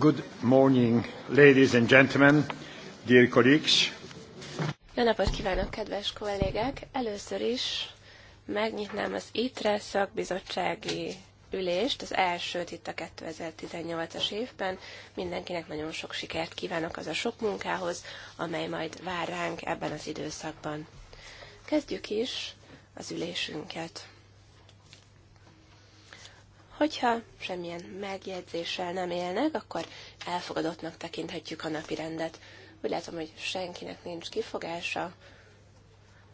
Good morning, ladies and gentlemen, dear colleagues. Jó napot kívánok, kedves kollégák! Először is megnyitnám az ITRE szakbizottsági ülést, az elsőt itt a 2018-as évben. Mindenkinek nagyon sok sikert kívánok az a sok munkához, amely majd vár ránk ebben az időszakban. Kezdjük is az ülésünket. Hogyha semmilyen megjegyzéssel nem élnek, akkor elfogadottnak tekinthetjük a napi rendet. Úgy látom, hogy senkinek nincs kifogása.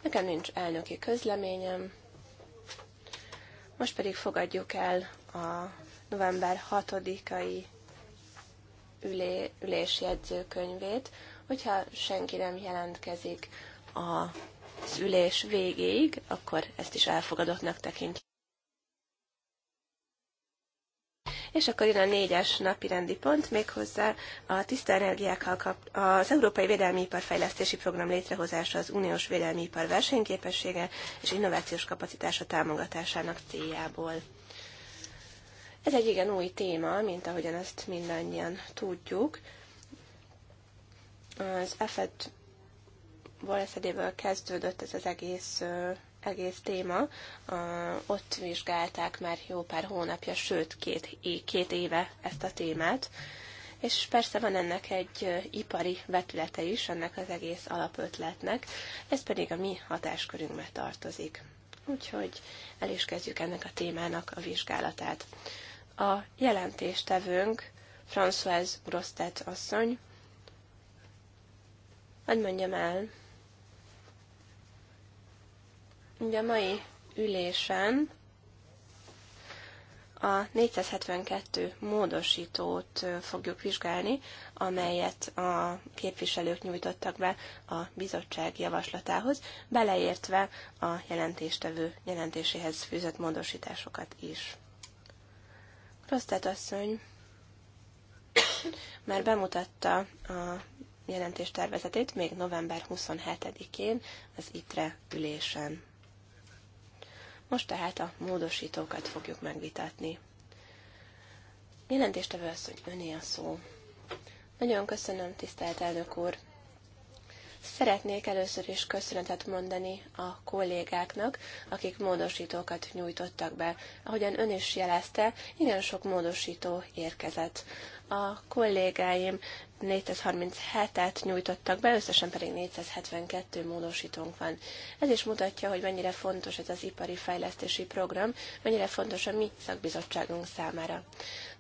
Nekem nincs elnöki közleményem. Most pedig fogadjuk el a november 6-ai ülé, ülés jegyzőkönyvét, hogyha senki nem jelentkezik az ülés végéig, akkor ezt is elfogadottnak tekintjük. És akkor jön a négyes napi rendi pont, méghozzá a tiszta energiákkal kap, az Európai Védelmi Ipar Fejlesztési Program létrehozása az uniós védelmi ipar versenyképessége és innovációs kapacitása támogatásának céljából. Ez egy igen új téma, mint ahogyan ezt mindannyian tudjuk. Az EFET valószínűleg kezdődött ez az egész egész téma, ott vizsgálták már jó pár hónapja, sőt két, két éve ezt a témát, és persze van ennek egy ipari vetülete is, ennek az egész alapötletnek, ez pedig a mi hatáskörünkbe tartozik. Úgyhogy el is kezdjük ennek a témának a vizsgálatát. A jelentéstevőnk Françoise Grostet asszony, hogy mondjam el, Ugye a mai ülésen a 472 módosítót fogjuk vizsgálni, amelyet a képviselők nyújtottak be a bizottság javaslatához, beleértve a jelentéstevő jelentéséhez fűzött módosításokat is. Krosztát asszony már bemutatta a jelentés tervezetét még november 27-én az ITRE ülésen. Most tehát a módosítókat fogjuk megvitatni. Jelentéstevő az, hogy öné a szó. Nagyon köszönöm, tisztelt elnök úr! Szeretnék először is köszönetet mondani a kollégáknak, akik módosítókat nyújtottak be. Ahogyan ön is jelezte, igen sok módosító érkezett. A kollégáim 437-et nyújtottak be, összesen pedig 472 módosítónk van. Ez is mutatja, hogy mennyire fontos ez az ipari fejlesztési program, mennyire fontos a mi szakbizottságunk számára.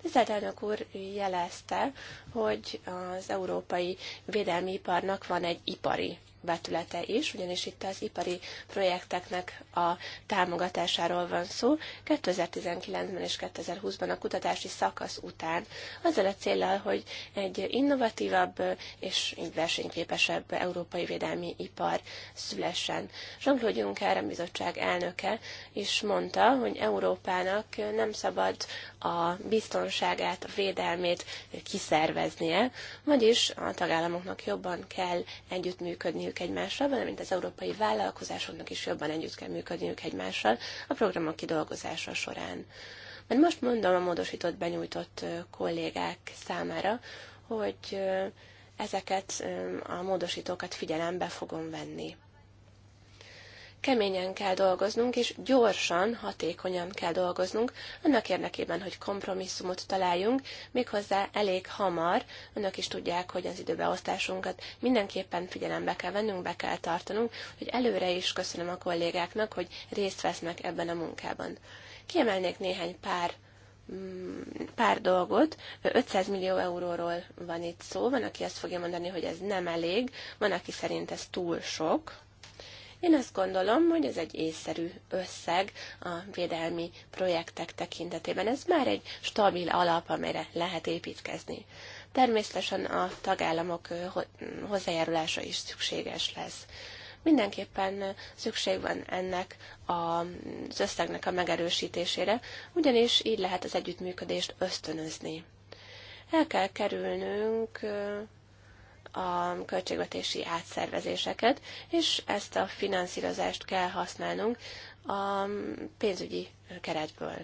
Tisztelt elnök úr jelezte, hogy az európai védelmi iparnak van egy ipari vetülete is, ugyanis itt az ipari projekteknek a támogatásáról van szó. 2019-ben és 2020-ban a kutatási szakasz után, azzal a célral, hogy egy innovatívabb és így versenyképesebb európai védelmi ipar szülessen. Jean-Claude Juncker, a bizottság elnöke is mondta, hogy Európának nem szabad a biztonságát, a védelmét kiszerveznie, vagyis a tagállamoknak jobban kell együttműködni működniük egymással, valamint az európai vállalkozásoknak is jobban együtt kell működniük egymással a programok kidolgozása során. Mert most mondom a módosított, benyújtott kollégák számára, hogy ezeket a módosítókat figyelembe fogom venni. Keményen kell dolgoznunk, és gyorsan, hatékonyan kell dolgoznunk, annak érdekében, hogy kompromisszumot találjunk, méghozzá elég hamar. Önök is tudják, hogy az időbeosztásunkat mindenképpen figyelembe kell vennünk, be kell tartanunk, hogy előre is köszönöm a kollégáknak, hogy részt vesznek ebben a munkában. Kiemelnék néhány pár mm, pár dolgot. 500 millió euróról van itt szó, van, aki azt fogja mondani, hogy ez nem elég, van, aki szerint ez túl sok. Én azt gondolom, hogy ez egy észszerű összeg a védelmi projektek tekintetében. Ez már egy stabil alap, amire lehet építkezni. Természetesen a tagállamok hozzájárulása is szükséges lesz mindenképpen szükség van ennek az összegnek a megerősítésére, ugyanis így lehet az együttműködést ösztönözni. El kell kerülnünk a költségvetési átszervezéseket, és ezt a finanszírozást kell használnunk a pénzügyi keretből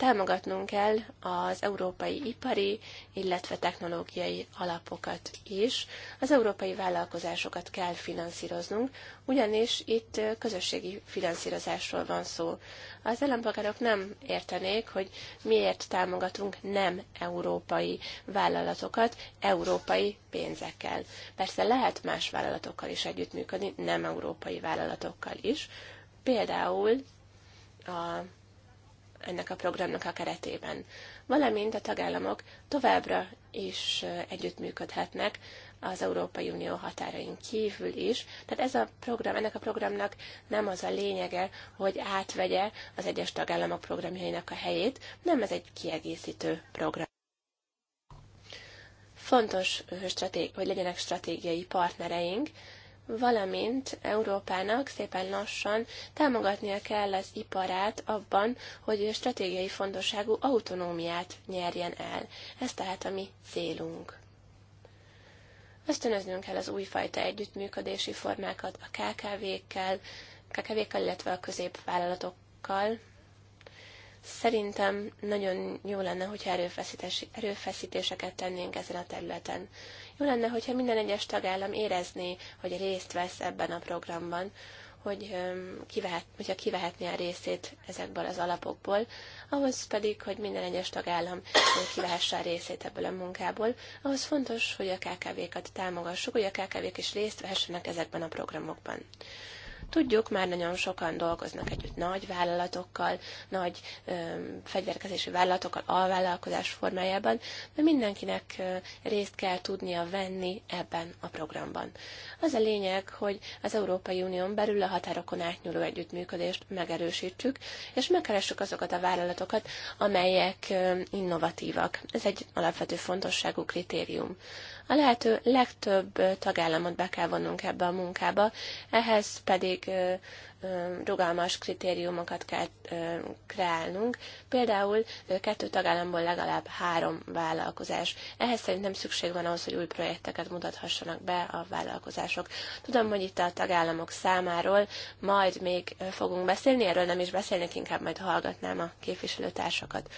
támogatnunk kell az európai ipari, illetve technológiai alapokat is. Az európai vállalkozásokat kell finanszíroznunk, ugyanis itt közösségi finanszírozásról van szó. Az ellenpolgárok nem értenék, hogy miért támogatunk nem európai vállalatokat európai pénzekkel. Persze lehet más vállalatokkal is együttműködni, nem európai vállalatokkal is. Például a ennek a programnak a keretében. Valamint a tagállamok továbbra is együttműködhetnek az Európai Unió határain kívül is. Tehát ez a program, ennek a programnak nem az a lényege, hogy átvegye az egyes tagállamok programjainak a helyét, nem ez egy kiegészítő program. Fontos, hogy legyenek stratégiai partnereink, valamint Európának szépen lassan támogatnia kell az iparát abban, hogy stratégiai fontosságú autonómiát nyerjen el. Ez tehát a mi célunk. Ösztönöznünk kell az újfajta együttműködési formákat a KKV-kkel, KKV-kkel, illetve a középvállalatokkal. Szerintem nagyon jó lenne, hogyha erőfeszítéseket tennénk ezen a területen. Jó lenne, hogyha minden egyes tagállam érezné, hogy részt vesz ebben a programban, hogy kivehet, hogyha kivehetné a részét ezekből az alapokból, ahhoz pedig, hogy minden egyes tagállam kivehesse a részét ebből a munkából, ahhoz fontos, hogy a KKV-kat támogassuk, hogy a KKV-k is részt vehessenek ezekben a programokban. Tudjuk, már nagyon sokan dolgoznak együtt nagy vállalatokkal, nagy ö, fegyverkezési vállalatokkal, alvállalkozás formájában, de mindenkinek ö, részt kell tudnia venni ebben a programban. Az a lényeg, hogy az Európai Unión belül a határokon átnyúló együttműködést megerősítsük, és megkeressük azokat a vállalatokat, amelyek ö, innovatívak. Ez egy alapvető fontosságú kritérium. A lehető legtöbb tagállamot be kell vonnunk ebbe a munkába, ehhez pedig rugalmas kritériumokat kell kreálnunk, például kettő tagállamból legalább három vállalkozás. Ehhez szerintem szükség van ahhoz, hogy új projekteket mutathassanak be a vállalkozások. Tudom, hogy itt a tagállamok számáról majd még fogunk beszélni, erről nem is beszélnék, inkább majd hallgatnám a képviselőtársakat.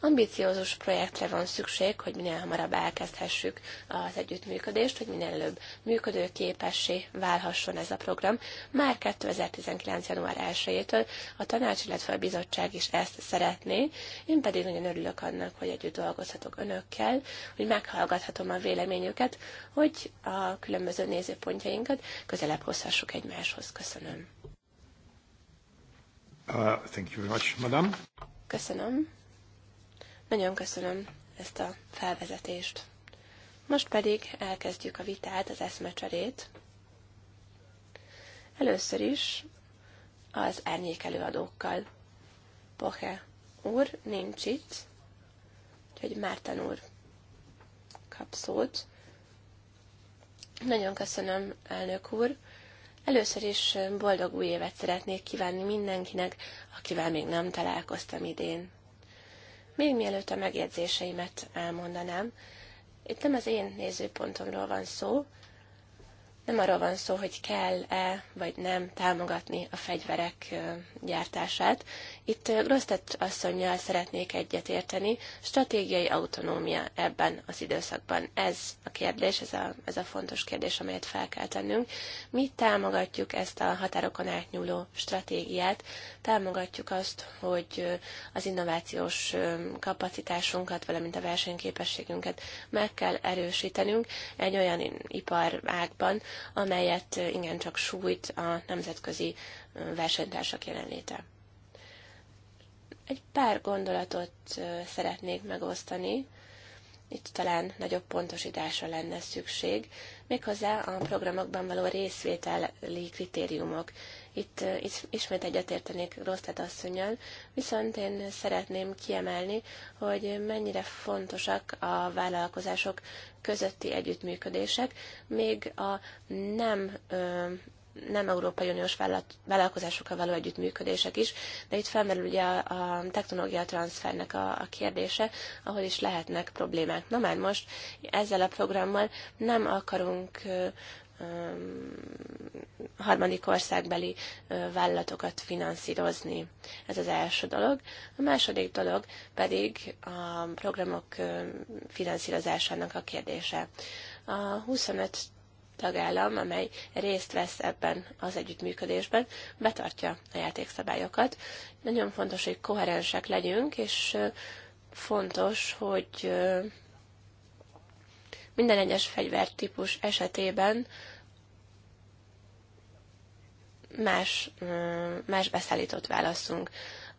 Ambiciózus projektre van szükség, hogy minél hamarabb elkezdhessük az együttműködést, hogy minél előbb működőképessé válhasson ez a program. Már 2019. január 1-től a tanács, illetve a bizottság is ezt szeretné. Én pedig nagyon örülök annak, hogy együtt dolgozhatok önökkel, hogy meghallgathatom a véleményüket, hogy a különböző nézőpontjainkat közelebb hozhassuk egymáshoz. Köszönöm. Uh, thank you very much, madam. Köszönöm. Nagyon köszönöm ezt a felvezetést. Most pedig elkezdjük a vitát, az eszmecserét. Először is az árnyékelőadókkal. Poche úr nincs itt, úgyhogy Márten úr kap szót. Nagyon köszönöm, elnök úr. Először is boldog új évet szeretnék kívánni mindenkinek, akivel még nem találkoztam idén. Még mielőtt a megjegyzéseimet elmondanám, itt nem az én nézőpontomról van szó, nem arról van szó, hogy kell-e vagy nem támogatni a fegyverek gyártását. Itt eh, Grosztett asszonynal szeretnék egyetérteni, stratégiai autonómia ebben az időszakban. Ez a kérdés, ez a, ez a fontos kérdés, amelyet fel kell tennünk. Mi támogatjuk ezt a határokon átnyúló stratégiát, támogatjuk azt, hogy eh, az innovációs eh, kapacitásunkat, valamint a versenyképességünket meg kell erősítenünk egy olyan iparágban, amelyet igencsak sújt a nemzetközi versenytársak jelenléte. Egy pár gondolatot szeretnék megosztani. Itt talán nagyobb pontosításra lenne szükség, méghozzá a programokban való részvételi kritériumok. Itt ismét egyetértenék Rosztát asszonyjal, viszont én szeretném kiemelni, hogy mennyire fontosak a vállalkozások közötti együttműködések, még a nem nem Európai Uniós vállalkozásokkal való együttműködések is, de itt felmerül ugye a, a technológia transfernek a, a kérdése, ahol is lehetnek problémák. Na már most ezzel a programmal nem akarunk harmadik országbeli vállalatokat finanszírozni. Ez az első dolog. A második dolog pedig a programok finanszírozásának a kérdése. A 25 tagállam, amely részt vesz ebben az együttműködésben, betartja a játékszabályokat. Nagyon fontos, hogy koherensek legyünk, és fontos, hogy minden egyes fegyvertípus esetében más, más beszállítót válaszunk.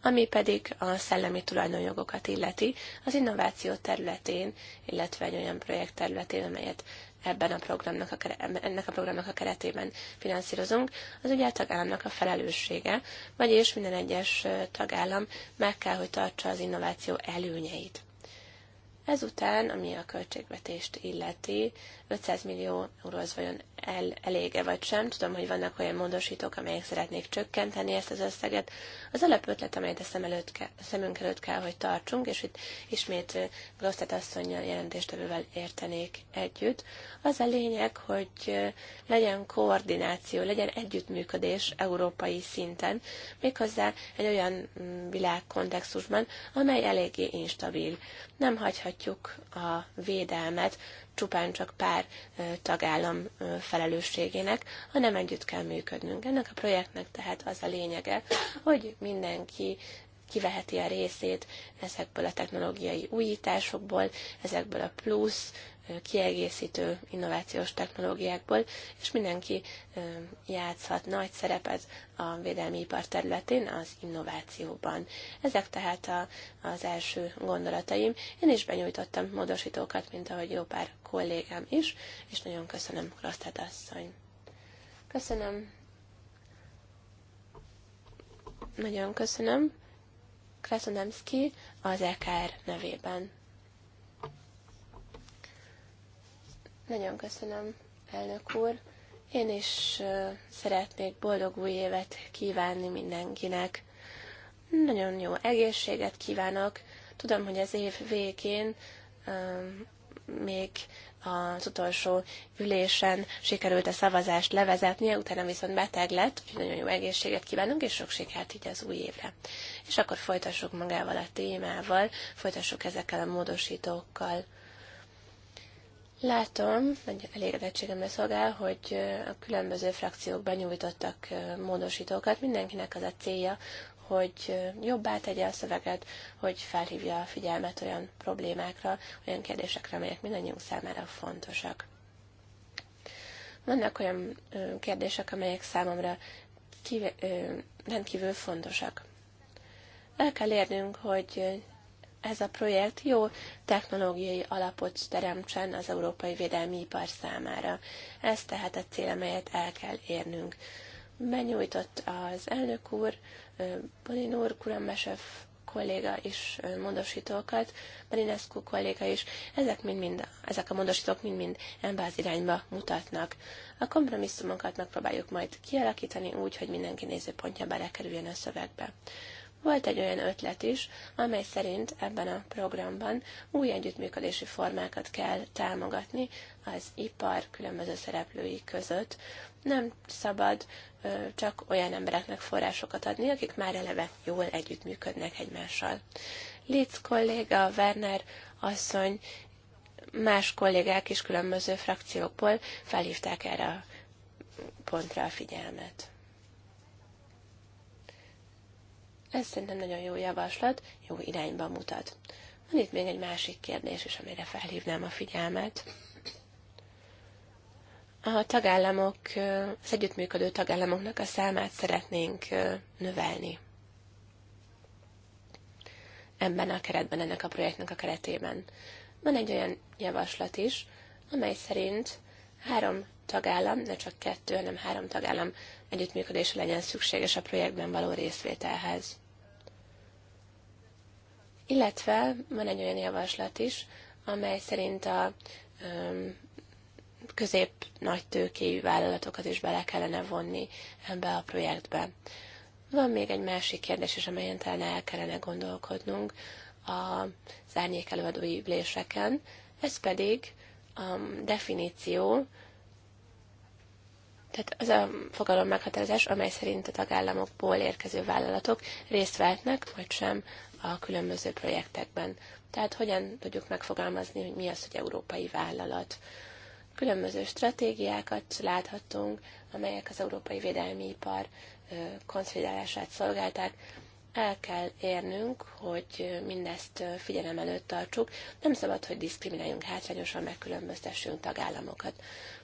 Ami pedig a szellemi tulajdonjogokat illeti, az innováció területén, illetve egy olyan projekt területén, amelyet ebben a programnak a, ennek a programnak a keretében finanszírozunk, az ugye a tagállamnak a felelőssége, vagyis minden egyes tagállam meg kell, hogy tartsa az innováció előnyeit. Ezután, ami a költségvetést illeti, 500 millió euró az vajon el, elége vagy sem. Tudom, hogy vannak olyan módosítók, amelyek szeretnék csökkenteni ezt az összeget. Az alapötlet, amelyet a szem előtt ke, szemünk előtt kell, hogy tartsunk, és itt ismét Grosztet jelentést jelentéstevővel értenék együtt, az a lényeg, hogy legyen koordináció, legyen együttműködés európai szinten, méghozzá egy olyan mm, világkontextusban, amely eléggé instabil. Nem hagyhat látjuk a védelmet csupán csak pár tagállam felelősségének, hanem együtt kell működnünk. Ennek a projektnek tehát az a lényege, hogy mindenki kiveheti a részét ezekből a technológiai újításokból, ezekből a plusz kiegészítő innovációs technológiákból, és mindenki játszhat nagy szerepet a védelmi ipar területén, az innovációban. Ezek tehát a, az első gondolataim. Én is benyújtottam módosítókat, mint ahogy jó pár kollégám is, és nagyon köszönöm, Krasztát asszony. Köszönöm. Nagyon köszönöm. Krasnodemski az EKR nevében. Nagyon köszönöm, elnök úr. Én is szeretnék boldog új évet kívánni mindenkinek. Nagyon jó egészséget kívánok. Tudom, hogy az év végén még az utolsó ülésen sikerült a szavazást levezetnie, utána viszont beteg lett, úgyhogy nagyon jó egészséget kívánunk, és sok sikert így az új évre. És akkor folytassuk magával a témával, folytassuk ezekkel a módosítókkal. Látom, hogy elégedettségemre szolgál, hogy a különböző frakciók benyújtottak módosítókat. Mindenkinek az a célja, hogy jobbá tegye a szöveget, hogy felhívja a figyelmet olyan problémákra, olyan kérdésekre, amelyek mindannyiunk számára fontosak. Vannak olyan kérdések, amelyek számomra kive- rendkívül fontosak. El kell érnünk, hogy ez a projekt jó technológiai alapot teremtsen az európai védelmi ipar számára. Ez tehát a cél, amelyet el kell érnünk. Benyújtott az elnök úr, Bonin úr, Kurambesev kolléga is módosítókat, Marinescu kolléga is, ezek, mind, mind, ezek a módosítók mind-mind embáz irányba mutatnak. A kompromisszumokat megpróbáljuk majd kialakítani úgy, hogy mindenki nézőpontja belekerüljön a szövegbe. Volt egy olyan ötlet is, amely szerint ebben a programban új együttműködési formákat kell támogatni az ipar különböző szereplői között. Nem szabad csak olyan embereknek forrásokat adni, akik már eleve jól együttműködnek egymással. Litz kolléga, Werner asszony, más kollégák is különböző frakciókból felhívták erre a pontra a figyelmet. Ez szerintem nagyon jó javaslat, jó irányba mutat. Van itt még egy másik kérdés is, amire felhívnám a figyelmet. A tagállamok, az együttműködő tagállamoknak a számát szeretnénk növelni. Ebben a keretben, ennek a projektnek a keretében. Van egy olyan javaslat is, amely szerint három tagállam, ne csak kettő, hanem három tagállam együttműködésre legyen szükséges a projektben való részvételhez. Illetve van egy olyan javaslat is, amely szerint a közép nagy tőkéjű vállalatokat is bele kellene vonni ebbe a projektbe. Van még egy másik kérdés is, amelyen talán el kellene gondolkodnunk az árnyékelőadói előadói üléseken, ez pedig a definíció tehát az a fogalom meghatározás, amely szerint a tagállamokból érkező vállalatok részt vehetnek, vagy sem a különböző projektekben. Tehát hogyan tudjuk megfogalmazni, hogy mi az, hogy európai vállalat. Különböző stratégiákat láthatunk, amelyek az európai védelmi ipar konszolidálását szolgálták, el kell érnünk, hogy mindezt figyelem előtt tartsuk. Nem szabad, hogy diszkrimináljunk hátrányosan, megkülönböztessünk tagállamokat.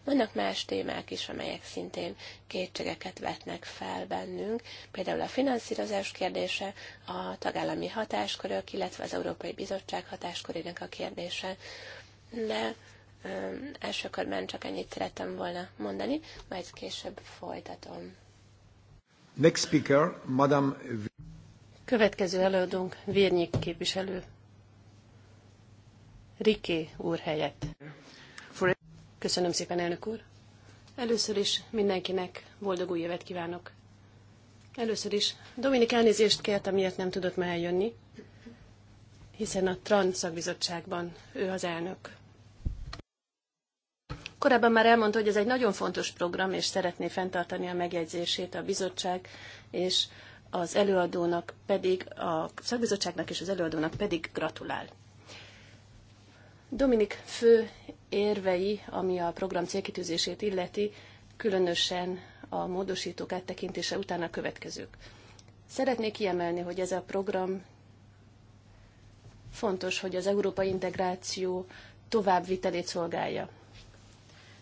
Vannak más témák is, amelyek szintén kétségeket vetnek fel bennünk, például a finanszírozás kérdése, a tagállami hatáskörök, illetve az Európai Bizottság hatáskörének a kérdése. De első körben csak ennyit szerettem volna mondani, majd később folytatom. Next speaker, Madame Következő előadónk Vérnyék képviselő. Riké úr helyett. Köszönöm szépen, elnök úr. Először is mindenkinek boldog új évet kívánok. Először is Dominik elnézést kért, amiért nem tudott ma eljönni, hiszen a TRAN szakbizottságban ő az elnök. Korábban már elmondta, hogy ez egy nagyon fontos program, és szeretné fenntartani a megjegyzését a bizottság és az előadónak pedig, a szakbizottságnak és az előadónak pedig gratulál. Dominik fő érvei, ami a program célkitűzését illeti, különösen a módosítók áttekintése után a következők. Szeretnék kiemelni, hogy ez a program fontos, hogy az európai integráció vitelét szolgálja.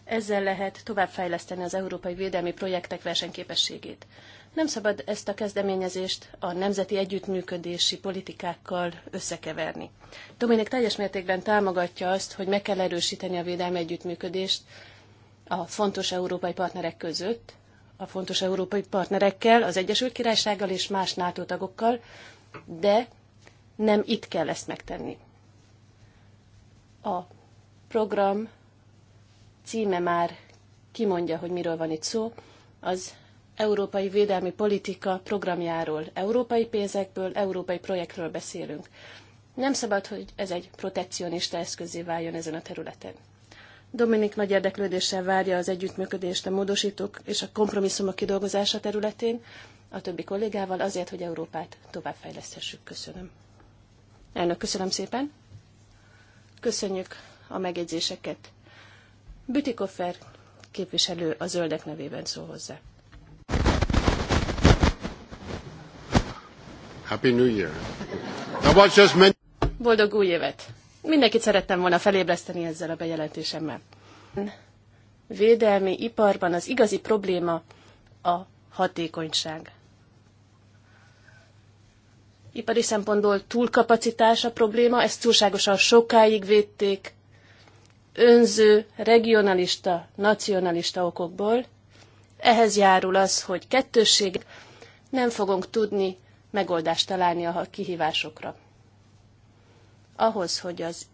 Ezzel lehet továbbfejleszteni az európai védelmi projektek versenyképességét. Nem szabad ezt a kezdeményezést a nemzeti együttműködési politikákkal összekeverni. Dominik teljes mértékben támogatja azt, hogy meg kell erősíteni a védelmi együttműködést a fontos európai partnerek között, a fontos európai partnerekkel, az Egyesült Királysággal és más NATO tagokkal, de nem itt kell ezt megtenni. A program címe már kimondja, hogy miről van itt szó, az európai védelmi politika programjáról, európai pénzekből, európai projektről beszélünk. Nem szabad, hogy ez egy protekcionista eszközé váljon ezen a területen. Dominik nagy érdeklődéssel várja az együttműködést a módosítók és a kompromisszumok kidolgozása területén a többi kollégával azért, hogy Európát továbbfejleszthessük. Köszönöm. Elnök, köszönöm szépen. Köszönjük a megjegyzéseket. Bütikoffer képviselő a zöldek nevében szól hozzá. Happy New Year. Boldog új évet! Mindenkit szerettem volna felébreszteni ezzel a bejelentésemmel. Védelmi iparban az igazi probléma a hatékonyság. Ipari szempontból túlkapacitás a probléma, ezt túlságosan sokáig védték önző, regionalista, nacionalista okokból. Ehhez járul az, hogy kettősség nem fogunk tudni megoldást találni a kihívásokra. Ahhoz, hogy az,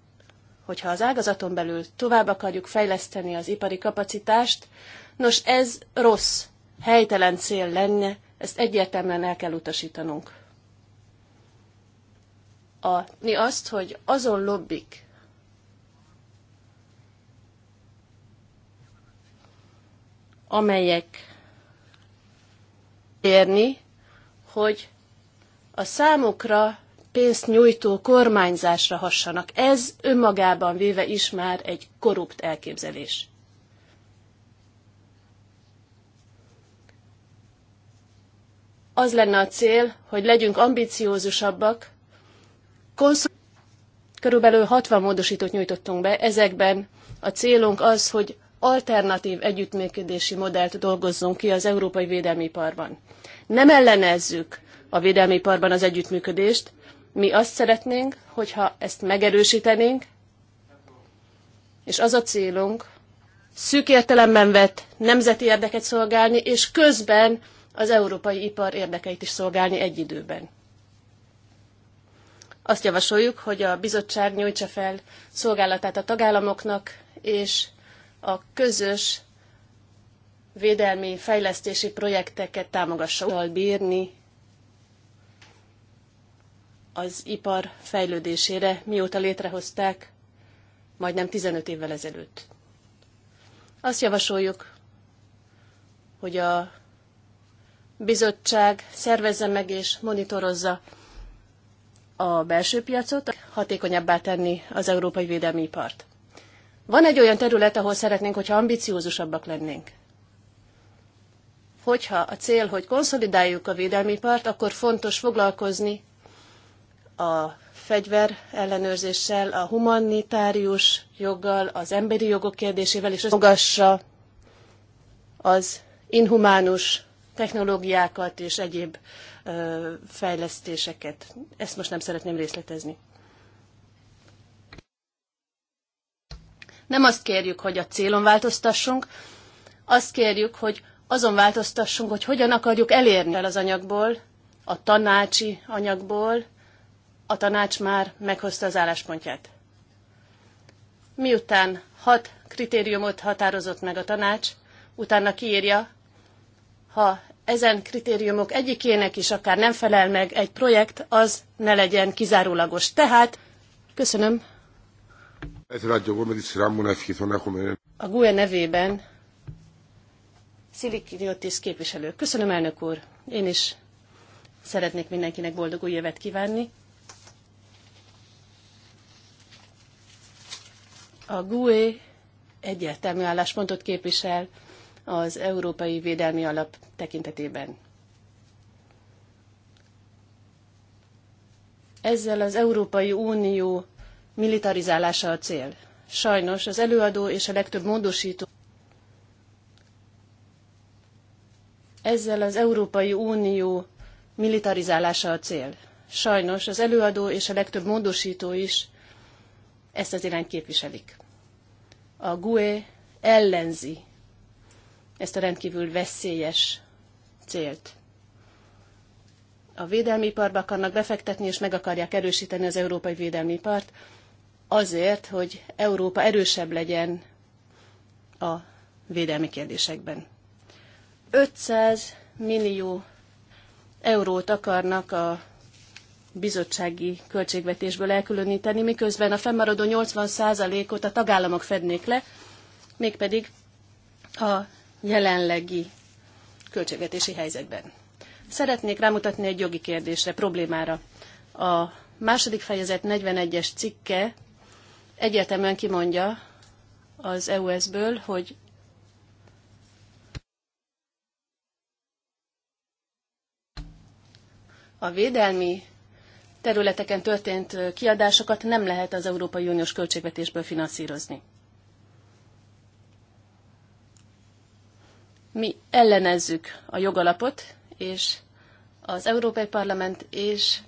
hogyha az ágazaton belül tovább akarjuk fejleszteni az ipari kapacitást, nos ez rossz, helytelen cél lenne, ezt egyértelműen el kell utasítanunk. A, mi azt, hogy azon lobbik, amelyek érni, hogy a számukra pénzt nyújtó kormányzásra hassanak. Ez önmagában véve is már egy korrupt elképzelés. Az lenne a cél, hogy legyünk ambiciózusabbak. Konszul... Körülbelül 60 módosítót nyújtottunk be, ezekben a célunk az, hogy alternatív együttműködési modellt dolgozzunk ki az európai iparban. Nem ellenezzük a védelmi iparban az együttműködést. Mi azt szeretnénk, hogyha ezt megerősítenénk, és az a célunk, szűk értelemben vett nemzeti érdeket szolgálni, és közben az európai ipar érdekeit is szolgálni egy időben. Azt javasoljuk, hogy a bizottság nyújtsa fel szolgálatát a tagállamoknak, és a közös védelmi fejlesztési projekteket támogassa bírni az ipar fejlődésére, mióta létrehozták, majdnem 15 évvel ezelőtt. Azt javasoljuk, hogy a bizottság szervezze meg és monitorozza a belső piacot, hatékonyabbá tenni az európai védelmi ipart. Van egy olyan terület, ahol szeretnénk, hogyha ambiciózusabbak lennénk. Hogyha a cél, hogy konszolidáljuk a védelmi part, akkor fontos foglalkozni a fegyver ellenőrzéssel, a humanitárius joggal, az emberi jogok kérdésével, és összefogassa az inhumánus technológiákat és egyéb ö, fejlesztéseket. Ezt most nem szeretném részletezni. Nem azt kérjük, hogy a célon változtassunk, azt kérjük, hogy azon változtassunk, hogy hogyan akarjuk elérni el az anyagból, a tanácsi anyagból, a tanács már meghozta az álláspontját. Miután hat kritériumot határozott meg a tanács, utána kiírja, ha ezen kritériumok egyikének is akár nem felel meg egy projekt, az ne legyen kizárólagos. Tehát, köszönöm. A GUE nevében Szilikiriotis képviselő. Köszönöm, elnök úr. Én is szeretnék mindenkinek boldog új évet kívánni. A GUE egyértelmű álláspontot képvisel az Európai Védelmi Alap tekintetében. Ezzel az Európai Unió militarizálása a cél. Sajnos az előadó és a legtöbb módosító ezzel az Európai Unió militarizálása a cél. Sajnos az előadó és a legtöbb módosító is ezt az irányt képviselik a GUE ellenzi ezt a rendkívül veszélyes célt. A védelmi iparba akarnak befektetni, és meg akarják erősíteni az európai védelmi ipart azért, hogy Európa erősebb legyen a védelmi kérdésekben. 500 millió eurót akarnak a bizottsági költségvetésből elkülöníteni, miközben a fennmaradó 80%-ot a tagállamok fednék le, mégpedig a jelenlegi költségvetési helyzetben. Szeretnék rámutatni egy jogi kérdésre, problémára. A második fejezet 41-es cikke egyértelműen kimondja az EUS-ből, hogy a védelmi területeken történt kiadásokat nem lehet az Európai Uniós költségvetésből finanszírozni. Mi ellenezzük a jogalapot, és az Európai Parlament és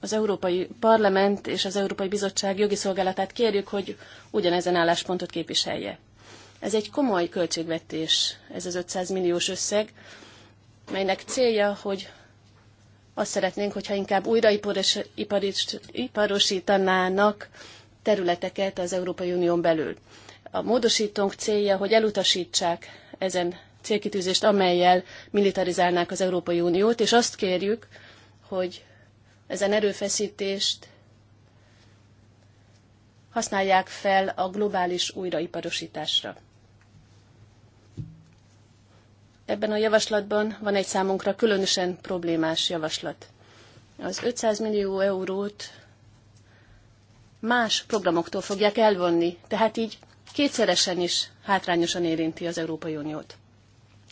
az Európai Parlament és az Európai Bizottság jogi szolgálatát kérjük, hogy ugyanezen álláspontot képviselje. Ez egy komoly költségvetés, ez az 500 milliós összeg, melynek célja, hogy azt szeretnénk, hogyha inkább újraiparosítanának területeket az Európai Unión belül. A módosítónk célja, hogy elutasítsák ezen célkitűzést, amelyel militarizálnák az Európai Uniót, és azt kérjük, hogy ezen erőfeszítést használják fel a globális újraiparosításra. Ebben a javaslatban van egy számunkra különösen problémás javaslat. Az 500 millió eurót más programoktól fogják elvonni, tehát így kétszeresen is hátrányosan érinti az Európai Uniót.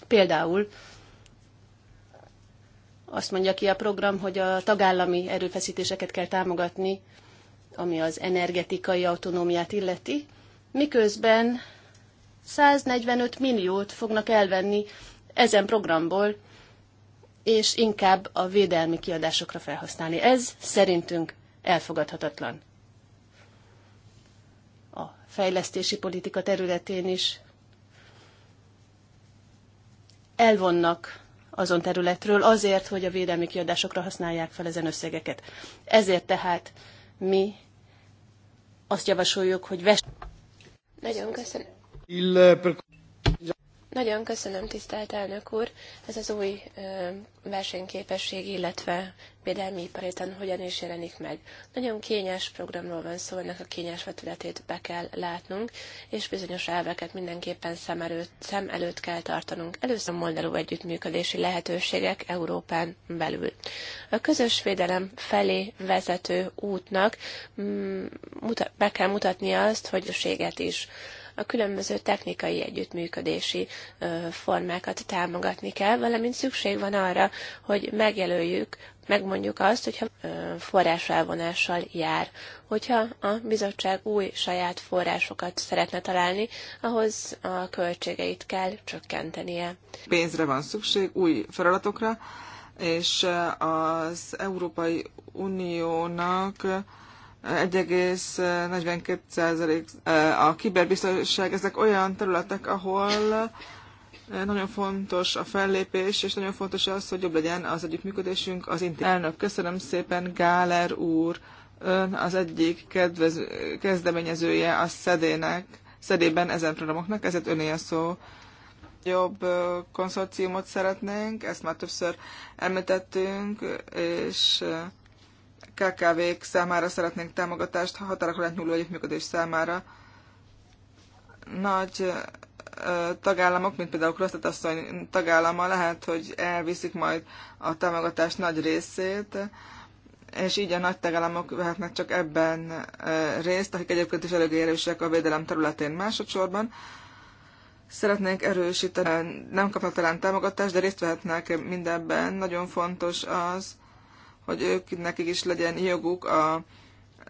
Például azt mondja ki a program, hogy a tagállami erőfeszítéseket kell támogatni, ami az energetikai autonómiát illeti, miközben 145 milliót fognak elvenni ezen programból, és inkább a védelmi kiadásokra felhasználni. Ez szerintünk elfogadhatatlan. A fejlesztési politika területén is elvonnak azon területről azért, hogy a védelmi kiadásokra használják fel ezen összegeket. Ezért tehát mi azt javasoljuk, hogy vesz... Nagyon köszönöm. Nagyon köszönöm, tisztelt elnök úr. Ez az új ö, versenyképesség, illetve védelmi iparétan hogyan is jelenik meg. Nagyon kényes programról van szó, ennek a kényes vetületét be kell látnunk, és bizonyos elveket mindenképpen szem előtt, szem előtt kell tartanunk. Először a Moldaló együttműködési lehetőségek Európán belül. A közös védelem felé vezető útnak mm, muta, be kell mutatnia azt, hogy a is a különböző technikai együttműködési formákat támogatni kell, valamint szükség van arra, hogy megjelöljük, megmondjuk azt, hogyha forráselvonással jár. Hogyha a bizottság új saját forrásokat szeretne találni, ahhoz a költségeit kell csökkentenie. Pénzre van szükség új feladatokra, és az Európai Uniónak 1,42% eh, a kiberbiztonság, ezek olyan területek, ahol eh, nagyon fontos a fellépés, és nagyon fontos az, hogy jobb legyen az együttműködésünk az intézmény. Elnök, köszönöm szépen, Gáler úr, ön az egyik kedvez, kezdeményezője a szedének, szedében ezen programoknak, ezért öné a szó. Jobb eh, konszorciumot szeretnénk, ezt már többször említettünk, és KKV-k számára szeretnénk támogatást, határokon átnyúló együttműködés számára. Nagy tagállamok, mint például Krosztat asszony tagállama, lehet, hogy elviszik majd a támogatás nagy részét, és így a nagy tagállamok vehetnek csak ebben részt, akik egyébként is eléggé erősek a védelem területén másodszorban. Szeretnénk erősíteni, nem kapnak talán támogatást, de részt vehetnek mindebben. Nagyon fontos az, hogy ők nekik is legyen joguk a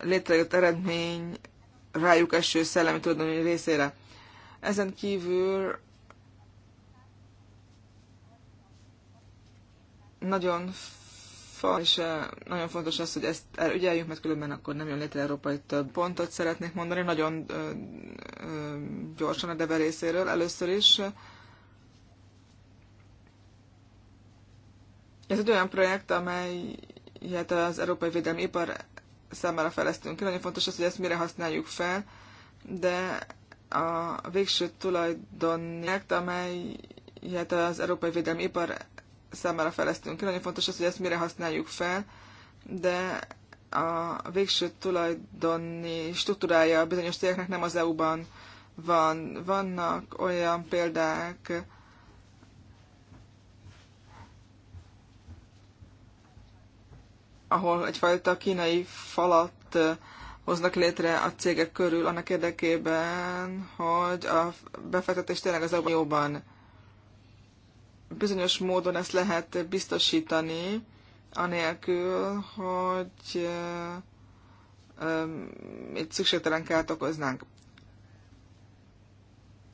létrejött eredmény rájuk eső szellemi tudomány részére. Ezen kívül nagyon és eh, nagyon fontos az, hogy ezt elügyeljünk, mert különben akkor nem jön létre európai több pontot szeretnék mondani, nagyon ö, eh, ö, eh, gyorsan a Debe részéről először is. Ez egy olyan projekt, amely hát az európai védelmi ipar számára fejlesztünk ki. Nagyon fontos az, hogy ezt mire használjuk fel, de a végső amely hát az európai védelmi ipar számára fejlesztünk ki. Nagyon fontos az, hogy ezt mire használjuk fel, de a végső tulajdoni struktúrája bizonyos cégeknek nem az EU-ban van. Vannak olyan példák, ahol egyfajta kínai falat hoznak létre a cégek körül annak érdekében, hogy a befektetés tényleg az jóban bizonyos módon ezt lehet biztosítani, anélkül, hogy itt szükségtelen kárt okoznánk.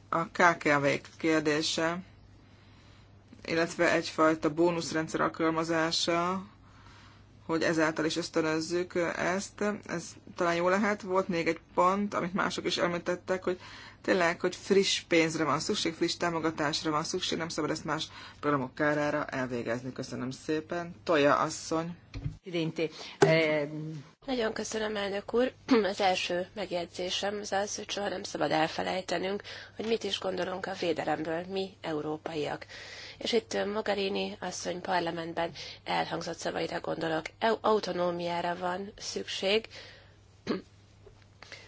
A kkv kérdése, illetve egyfajta bónuszrendszer alkalmazása, hogy ezáltal is ösztönözzük ezt. Ez talán jó lehet. Volt még egy pont, amit mások is említettek, hogy tényleg, hogy friss pénzre van szükség, friss támogatásra van szükség, nem szabad ezt más programok kárára elvégezni. Köszönöm szépen. Toja asszony. Idinti. Eh, Nagyon köszönöm, elnök úr. Az első megjegyzésem az az, hogy soha nem szabad elfelejtenünk, hogy mit is gondolunk a védelemből mi, európaiak és itt Mogherini asszony parlamentben elhangzott szavaira gondolok. Autonómiára van szükség,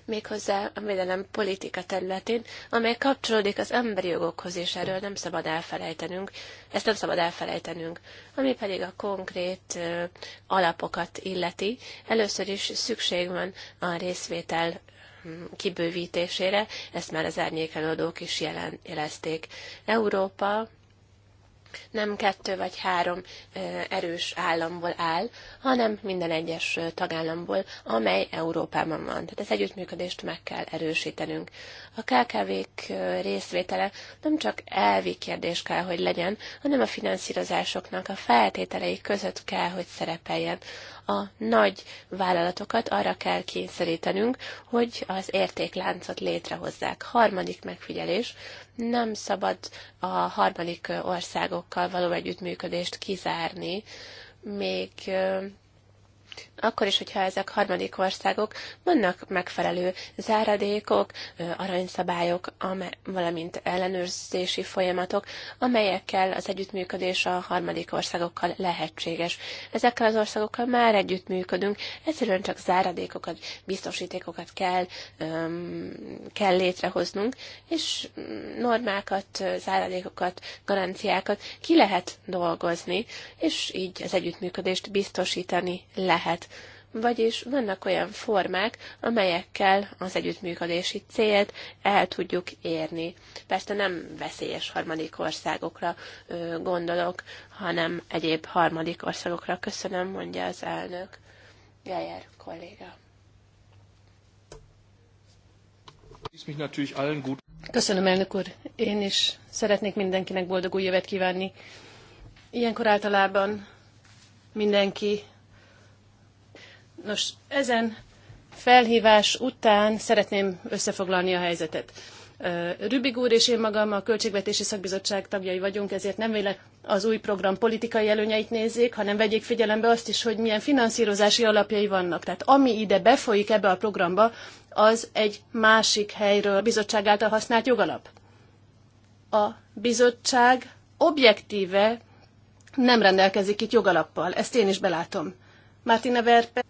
méghozzá a védelem politika területén, amely kapcsolódik az emberi jogokhoz, és erről nem szabad elfelejtenünk, ezt nem szabad elfelejtenünk. Ami pedig a konkrét ö, alapokat illeti, először is szükség van a részvétel mm, kibővítésére, ezt már az árnyékelődők is jelen, jelezték. Európa nem kettő vagy három erős államból áll, hanem minden egyes tagállamból, amely Európában van. Tehát ez együttműködést meg kell erősítenünk. A KKV-k részvétele nem csak elvi kérdés kell, hogy legyen, hanem a finanszírozásoknak a feltételei között kell, hogy szerepeljen. A nagy vállalatokat arra kell kényszerítenünk, hogy az értékláncot létrehozzák. Harmadik megfigyelés, nem szabad a harmadik országokkal való együttműködést kizárni, még akkor is, hogyha ezek harmadik országok, vannak megfelelő záradékok, aranyszabályok, valamint ellenőrzési folyamatok, amelyekkel az együttműködés a harmadik országokkal lehetséges. Ezekkel az országokkal már együttműködünk, egyszerűen csak záradékokat, biztosítékokat kell, kell létrehoznunk, és normákat, záradékokat, garanciákat ki lehet dolgozni, és így az együttműködést biztosítani lehet vagyis vannak olyan formák, amelyekkel az együttműködési célt el tudjuk érni. Persze nem veszélyes harmadik országokra gondolok, hanem egyéb harmadik országokra. Köszönöm, mondja az elnök. Geyer kolléga. Köszönöm, elnök úr. Én is szeretnék mindenkinek boldog új évet kívánni. Ilyenkor általában mindenki Nos, ezen felhívás után szeretném összefoglalni a helyzetet. Rübig úr és én magam a Költségvetési Szakbizottság tagjai vagyunk, ezért nem véle az új program politikai előnyeit nézzék, hanem vegyék figyelembe azt is, hogy milyen finanszírozási alapjai vannak. Tehát ami ide befolyik ebbe a programba, az egy másik helyről a bizottság által használt jogalap. A bizottság objektíve nem rendelkezik itt jogalappal, ezt én is belátom. Martina Verpe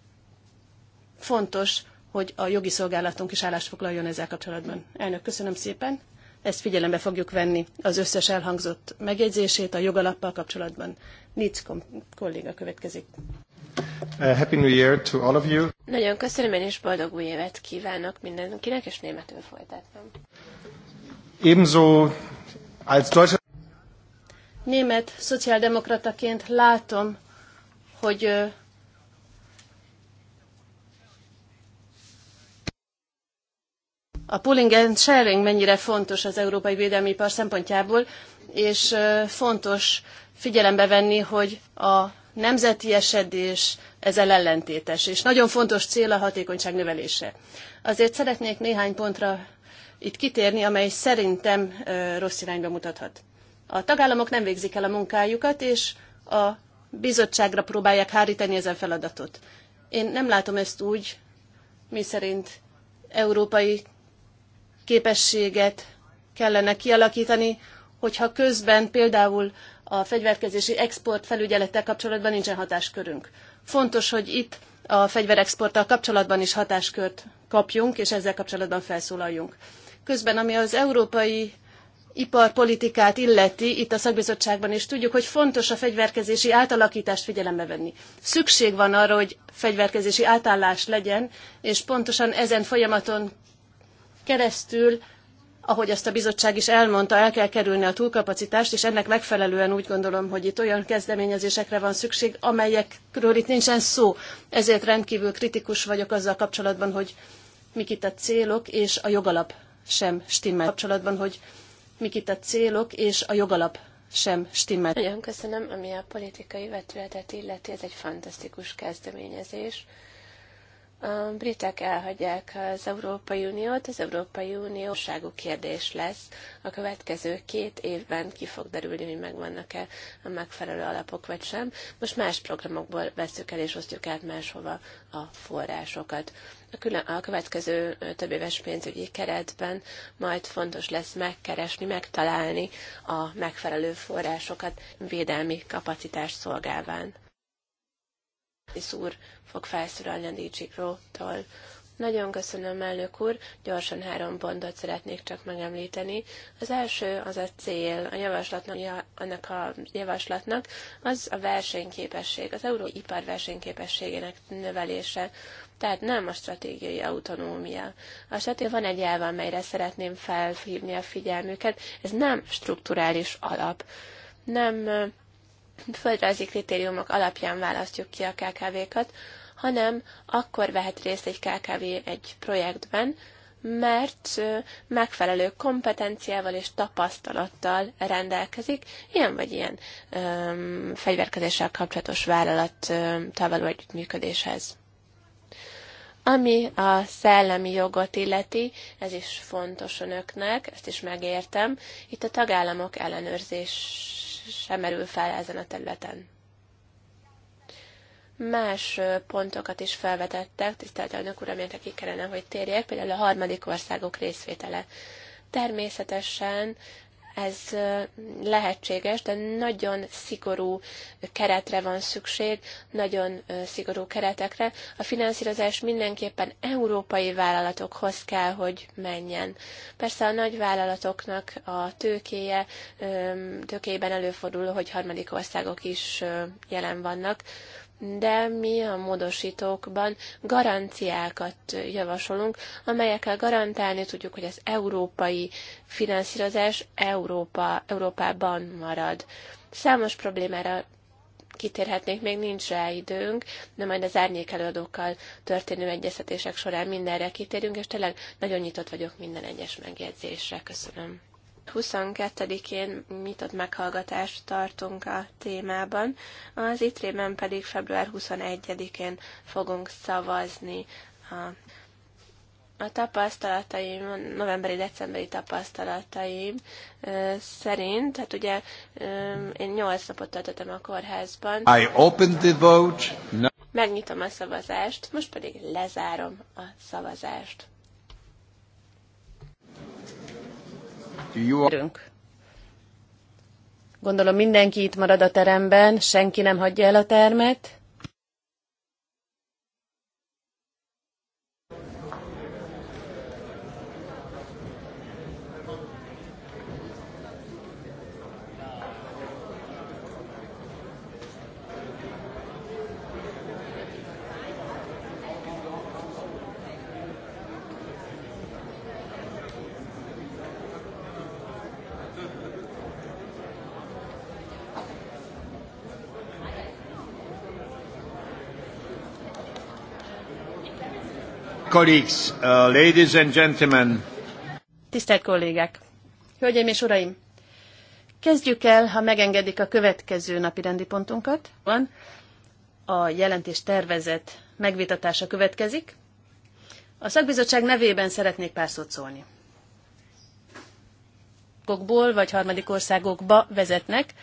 fontos, hogy a jogi szolgálatunk is állást foglaljon ezzel kapcsolatban. Elnök, köszönöm szépen. Ezt figyelembe fogjuk venni az összes elhangzott megjegyzését a jogalappal kapcsolatban. Nitz kolléga következik. Uh, Happy New Year to all of you. Nagyon köszönöm, én is boldog új évet kívánok mindenkinek, és németül folytatom. Ebenso als Deutscher... Német szociáldemokrataként látom, hogy a pooling and sharing mennyire fontos az európai védelmi ipar szempontjából, és fontos figyelembe venni, hogy a nemzeti esedés ezzel ellentétes, és nagyon fontos cél a hatékonyság növelése. Azért szeretnék néhány pontra itt kitérni, amely szerintem rossz irányba mutathat. A tagállamok nem végzik el a munkájukat, és a bizottságra próbálják hárítani ezen feladatot. Én nem látom ezt úgy, miszerint európai képességet kellene kialakítani, hogyha közben például a fegyverkezési export felügyelettel kapcsolatban nincsen hatáskörünk. Fontos, hogy itt a fegyverexporttal kapcsolatban is hatáskört kapjunk, és ezzel kapcsolatban felszólaljunk. Közben, ami az európai iparpolitikát illeti, itt a szakbizottságban is tudjuk, hogy fontos a fegyverkezési átalakítást figyelembe venni. Szükség van arra, hogy fegyverkezési átállás legyen, és pontosan ezen folyamaton keresztül, ahogy azt a bizottság is elmondta, el kell kerülni a túlkapacitást, és ennek megfelelően úgy gondolom, hogy itt olyan kezdeményezésekre van szükség, amelyekről itt nincsen szó. Ezért rendkívül kritikus vagyok azzal kapcsolatban, hogy mik itt a célok, és a jogalap sem stimmel. Kapcsolatban, hogy mik itt a célok, és a jogalap sem stimmel. Nagyon köszönöm, ami a politikai vetületet illeti, ez egy fantasztikus kezdeményezés a britek elhagyják az Európai Uniót, az Európai Unió Unióságú kérdés lesz. A következő két évben ki fog derülni, hogy megvannak-e a megfelelő alapok vagy sem. Most más programokból veszük el és osztjuk át máshova a forrásokat. A, külön, a következő több éves pénzügyi keretben majd fontos lesz megkeresni, megtalálni a megfelelő forrásokat védelmi kapacitás szolgálván és úr fog felszólalni a DJ Pro-tól. Nagyon köszönöm, elnök úr. Gyorsan három pontot szeretnék csak megemlíteni. Az első az a cél a javaslatnak, annak a javaslatnak, az a versenyképesség, az euró ipar versenyképességének növelése. Tehát nem a stratégiai autonómia. A stratégia van egy elv, amelyre szeretném felhívni a figyelmüket. Ez nem strukturális alap. Nem földrajzi kritériumok alapján választjuk ki a KKV-kat, hanem akkor vehet részt egy KKV egy projektben, mert megfelelő kompetenciával és tapasztalattal rendelkezik, ilyen vagy ilyen öm, fegyverkezéssel kapcsolatos vállalat való együttműködéshez. Ami a szellemi jogot illeti, ez is fontos önöknek, ezt is megértem. Itt a tagállamok ellenőrzés sem merül fel ezen a területen. Más pontokat is felvetettek, tisztelt elnök úr, amelyekre ki kellene, hogy térjek, például a harmadik országok részvétele. Természetesen ez lehetséges, de nagyon szigorú keretre van szükség, nagyon szigorú keretekre. A finanszírozás mindenképpen európai vállalatokhoz kell, hogy menjen. Persze a nagy vállalatoknak a tőkéje, tőkében előfordul, hogy harmadik országok is jelen vannak, de mi a módosítókban garanciákat javasolunk, amelyekkel garantálni tudjuk, hogy az európai finanszírozás Európa, Európában marad. Számos problémára kitérhetnék, még nincs rá időnk, de majd az árnyék előadókkal történő egyeztetések során mindenre kitérünk, és tényleg nagyon nyitott vagyok minden egyes megjegyzésre. Köszönöm. 22-én nyitott meghallgatást tartunk a témában, az ITRE-ben pedig február 21-én fogunk szavazni a a tapasztalataim, a novemberi-decemberi tapasztalataim ö, szerint, hát ugye ö, én 8 napot töltöttem a kórházban. I opened the vote. No. Megnyitom a szavazást, most pedig lezárom a szavazást. Gondolom mindenki itt marad a teremben, senki nem hagyja el a termet. colleagues, uh, ladies and gentlemen. Tisztelt kollégák! Hölgyeim és uraim! Kezdjük el, ha megengedik a következő napi rendi pontunkat. Van. A jelentés tervezet megvitatása következik. A szakbizottság nevében szeretnék pár szót szólni. Kokból vagy harmadik országokba vezetnek,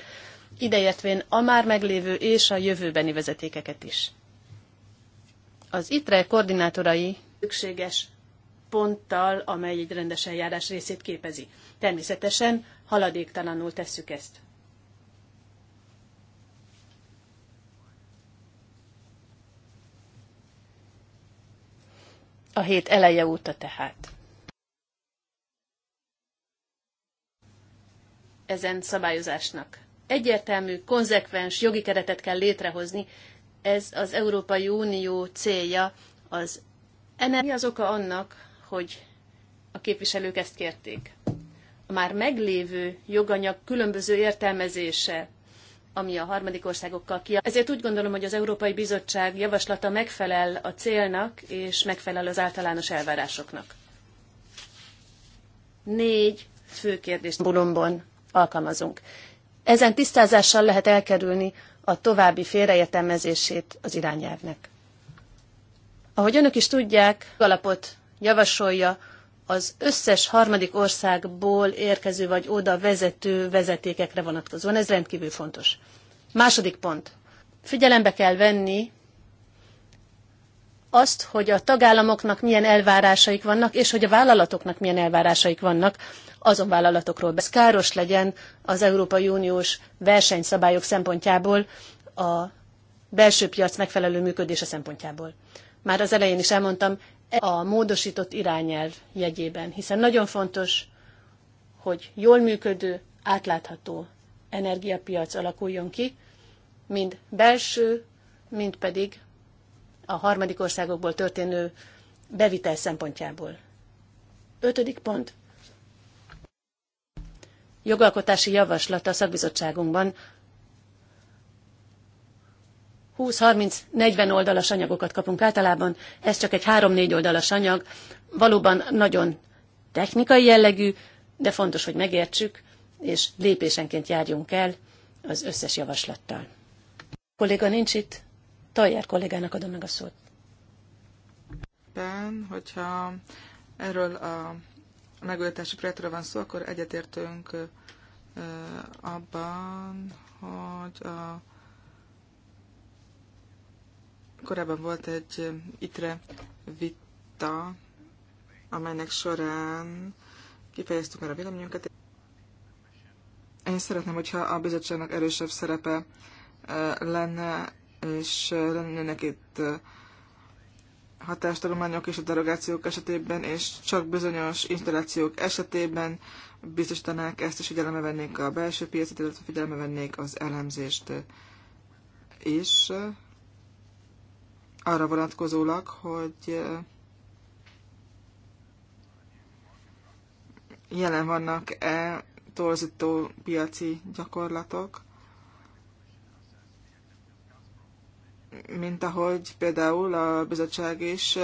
ideértvén a már meglévő és a jövőbeni vezetékeket is. Az ITRE koordinátorai szükséges ponttal, amely egy rendes eljárás részét képezi. Természetesen haladéktalanul tesszük ezt. A hét eleje óta tehát. Ezen szabályozásnak. Egyértelmű, konzekvens jogi keretet kell létrehozni, ez az Európai Unió célja az ennek mi az oka annak, hogy a képviselők ezt kérték? A már meglévő joganyag különböző értelmezése, ami a harmadik országokkal ki. Ezért úgy gondolom, hogy az Európai Bizottság javaslata megfelel a célnak és megfelel az általános elvárásoknak. Négy fő kérdést bulomban alkalmazunk. Ezen tisztázással lehet elkerülni a további félreértelmezését az irányelvnek. Ahogy önök is tudják, alapot javasolja az összes harmadik országból érkező vagy oda vezető vezetékekre vonatkozóan. Ez rendkívül fontos. Második pont. Figyelembe kell venni azt, hogy a tagállamoknak milyen elvárásaik vannak, és hogy a vállalatoknak milyen elvárásaik vannak, azon vállalatokról. Ez káros legyen az Európai Uniós versenyszabályok szempontjából, a belső piac megfelelő működése szempontjából már az elején is elmondtam, e a módosított irányelv jegyében, hiszen nagyon fontos, hogy jól működő, átlátható energiapiac alakuljon ki, mind belső, mind pedig a harmadik országokból történő bevitel szempontjából. Ötödik pont. Jogalkotási javaslat a szakbizottságunkban 20-30-40 oldalas anyagokat kapunk általában, ez csak egy 3-4 oldalas anyag, valóban nagyon technikai jellegű, de fontos, hogy megértsük, és lépésenként járjunk el az összes javaslattal. A kolléga nincs itt, Tajer kollégának adom meg a szót. Ben, hogyha erről a megoldási projektről van szó, akkor egyetértünk abban, hogy a korábban volt egy itre vita, amelynek során kifejeztük már a véleményünket. Én szeretném, hogyha a bizottságnak erősebb szerepe lenne, és lennének itt hatástalományok és a derogációk esetében, és csak bizonyos installációk esetében biztosítanák ezt, és figyelembe vennék a belső piacot, illetve figyelembe vennék az elemzést is arra vonatkozólag, hogy jelen vannak-e torzító piaci gyakorlatok, mint ahogy például a bizottság is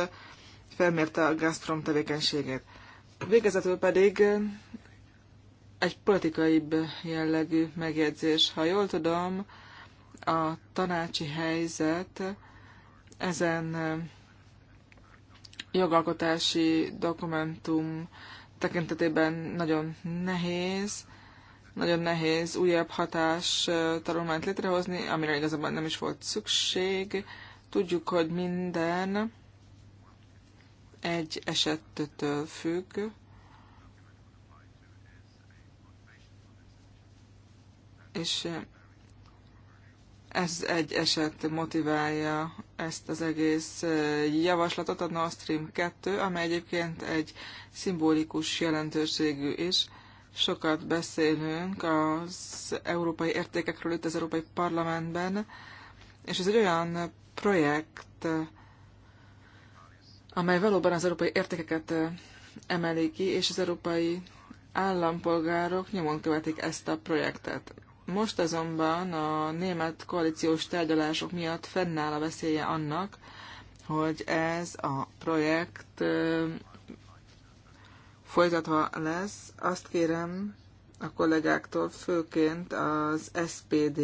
felmérte a Gazprom tevékenységét. Végezetül pedig egy politikaibb jellegű megjegyzés. Ha jól tudom, a tanácsi helyzet ezen jogalkotási dokumentum tekintetében nagyon nehéz, nagyon nehéz újabb hatás tanulmányt létrehozni, amire igazából nem is volt szükség. Tudjuk, hogy minden egy esettől függ. És ez egy eset motiválja ezt az egész javaslatot, a Nord Stream 2, amely egyébként egy szimbolikus jelentőségű is. Sokat beszélünk az európai értékekről itt az Európai Parlamentben, és ez egy olyan projekt, amely valóban az európai értékeket emeli ki, és az európai állampolgárok nyomon követik ezt a projektet. Most azonban a német koalíciós tárgyalások miatt fennáll a veszélye annak, hogy ez a projekt folytatva lesz. Azt kérem a kollégáktól, főként az SPD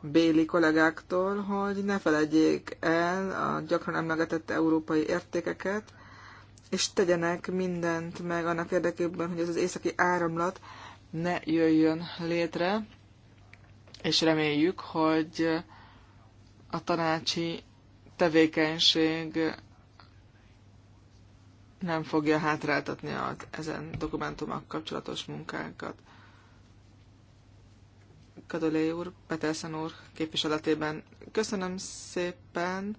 béli kollégáktól, hogy ne feledjék el a gyakran emlegetett európai értékeket, és tegyenek mindent meg annak érdekében, hogy ez az északi áramlat ne jöjjön létre és reméljük, hogy a tanácsi tevékenység nem fogja hátráltatni az ezen dokumentumok kapcsolatos munkánkat. Kadolé úr, Petelsen úr képviseletében. Köszönöm szépen.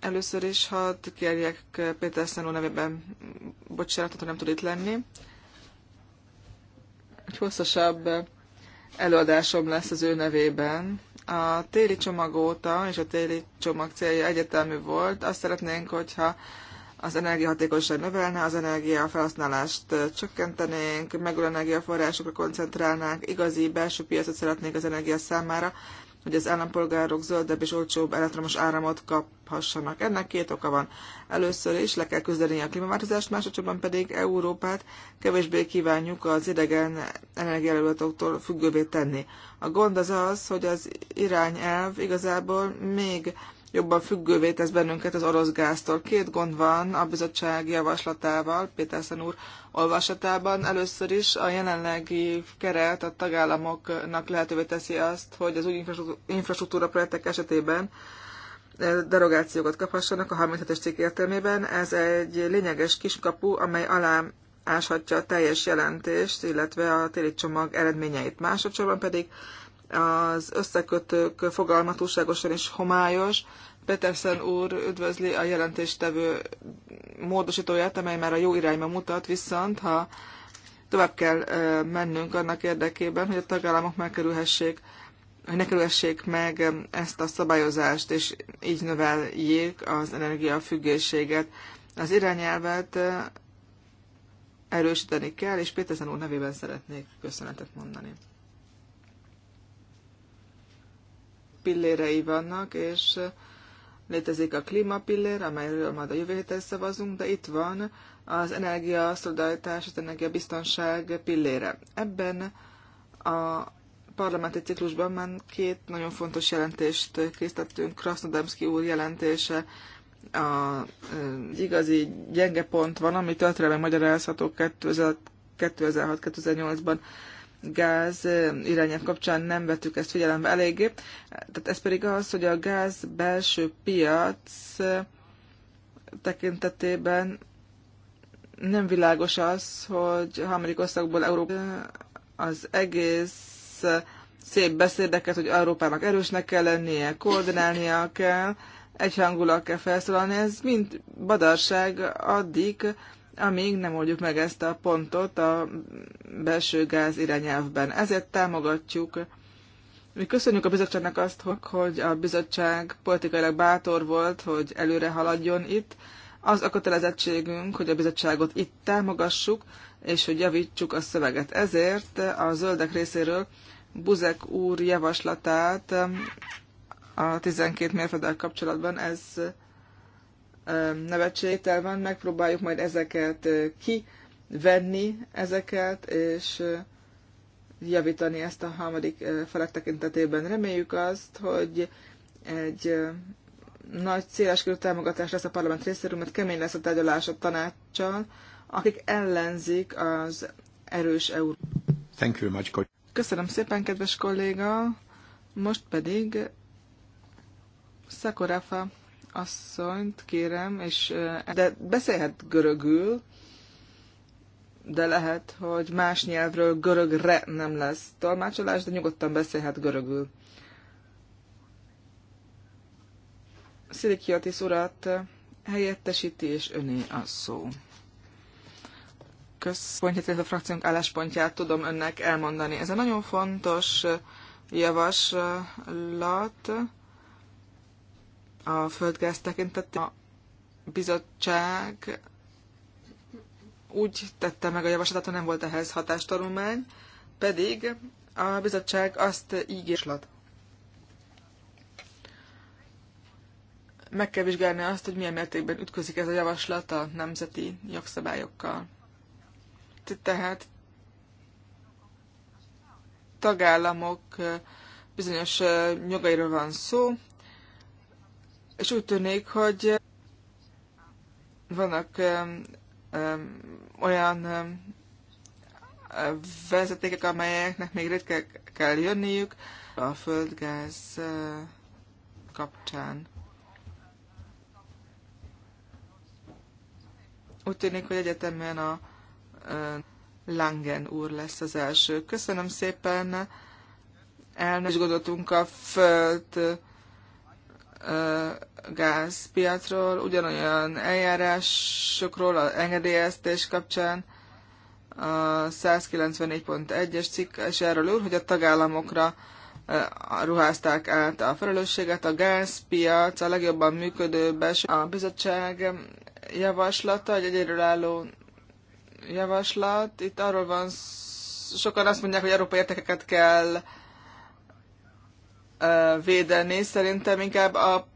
Először is ha kérjek Petelsen úr nevében bocsánatot, hogy nem tud itt lenni. Egy hosszasabb előadásom lesz az ő nevében. A téli csomag óta és a téli csomag célja egyetemű volt. Azt szeretnénk, hogyha az energiahatékonyság növelne, az energiafelhasználást csökkentenénk, megújuló energiaforrásokra koncentrálnánk, igazi belső piacot szeretnénk az energia számára, hogy az állampolgárok zöldebb és olcsóbb elektromos áramot kaphassanak. Ennek két oka van. Először is le kell küzdeni a klímaváltozást, másodszorban pedig Európát kevésbé kívánjuk az idegen energiaelőletoktól függővé tenni. A gond az az, hogy az irányelv igazából még jobban függővé tesz bennünket az orosz gáztól. Két gond van a bizottság javaslatával, Péterszen úr olvasatában. Először is a jelenlegi keret a tagállamoknak lehetővé teszi azt, hogy az új infrastruktúra projektek esetében eh, derogációkat kaphassanak a 37-es cikk értelmében. Ez egy lényeges kiskapu, amely alá áshatja a teljes jelentést, illetve a téli csomag eredményeit. Másodszorban pedig az összekötők fogalma túlságosan is homályos, Petersen úr üdvözli a jelentéstevő módosítóját, amely már a jó irányba mutat, viszont ha tovább kell mennünk annak érdekében, hogy a tagállamok megkerülhessék, hogy ne kerülhessék meg ezt a szabályozást, és így növeljék az energiafüggőséget. Az irányelvet erősíteni kell, és Péterzen úr nevében szeretnék köszönetet mondani. Pillérei vannak, és Létezik a klímapillér, amelyről majd a jövő héten szavazunk, de itt van az energia szolidaritás, az energiabiztonság pillére. Ebben a parlamenti ciklusban már két nagyon fontos jelentést készítettünk. Krasnodemszki úr jelentése a igazi gyenge pont van, ami történelmi magyarázható 2006-2008-ban gáz irányelv kapcsán nem vettük ezt figyelembe eléggé. Tehát ez pedig az, hogy a gáz belső piac tekintetében nem világos az, hogy harmadik országból Európa az egész szép beszédeket, hogy Európának erősnek kell lennie, koordinálnia kell, egyhangulak kell felszólalni, ez mind badarság addig, amíg nem oldjuk meg ezt a pontot a belső gáz irányelvben. Ezért támogatjuk. Mi köszönjük a bizottságnak azt, hogy a bizottság politikailag bátor volt, hogy előre haladjon itt. Az a kötelezettségünk, hogy a bizottságot itt támogassuk, és hogy javítsuk a szöveget. Ezért a zöldek részéről Buzek úr javaslatát a 12 mérfölddel kapcsolatban ez nevetségtel van, megpróbáljuk majd ezeket kivenni, ezeket, és javítani ezt a harmadik felek tekintetében. Reméljük azt, hogy egy nagy széleskörű támogatás lesz a parlament részéről, mert kemény lesz a tárgyalás a tanácssal, akik ellenzik az erős euró. Thank you much, Köszönöm szépen, kedves kolléga. Most pedig Szakorafa asszonyt, kérem, és, de beszélhet görögül, de lehet, hogy más nyelvről görögre nem lesz tolmácsolás, de nyugodtan beszélhet görögül. Szilikiotis urat helyettesíti, és öné a szó. Központját, illetve a frakciónk álláspontját tudom önnek elmondani. Ez egy nagyon fontos javaslat, a földgáz tekintetében a bizottság úgy tette meg a javaslatot, hogy nem volt ehhez hatástanulmány, pedig a bizottság azt ígérslat. Meg kell vizsgálni azt, hogy milyen mértékben ütközik ez a javaslat a nemzeti jogszabályokkal. Tehát tagállamok bizonyos nyugairól van szó, és úgy tűnik, hogy eh, vannak öm, eh, öm, eh, olyan öm, vezetékek, amelyeknek még ritkán kell jönniük a földgáz kapcsán. Úgy tűnik, hogy egyetemen a Langen úr lesz az első. Köszönöm szépen, elnök, és gondoltunk a föld gázpiacról, ugyanolyan eljárásokról, az engedélyeztés kapcsán, a 194.1-es cikk, és erről úr, hogy a tagállamokra ruházták át a felelősséget. A gázpiac a legjobban működő belső. A bizottság javaslata, egy egyedülálló javaslat. Itt arról van, sokan azt mondják, hogy európai értékeket kell védeni. Szerintem inkább a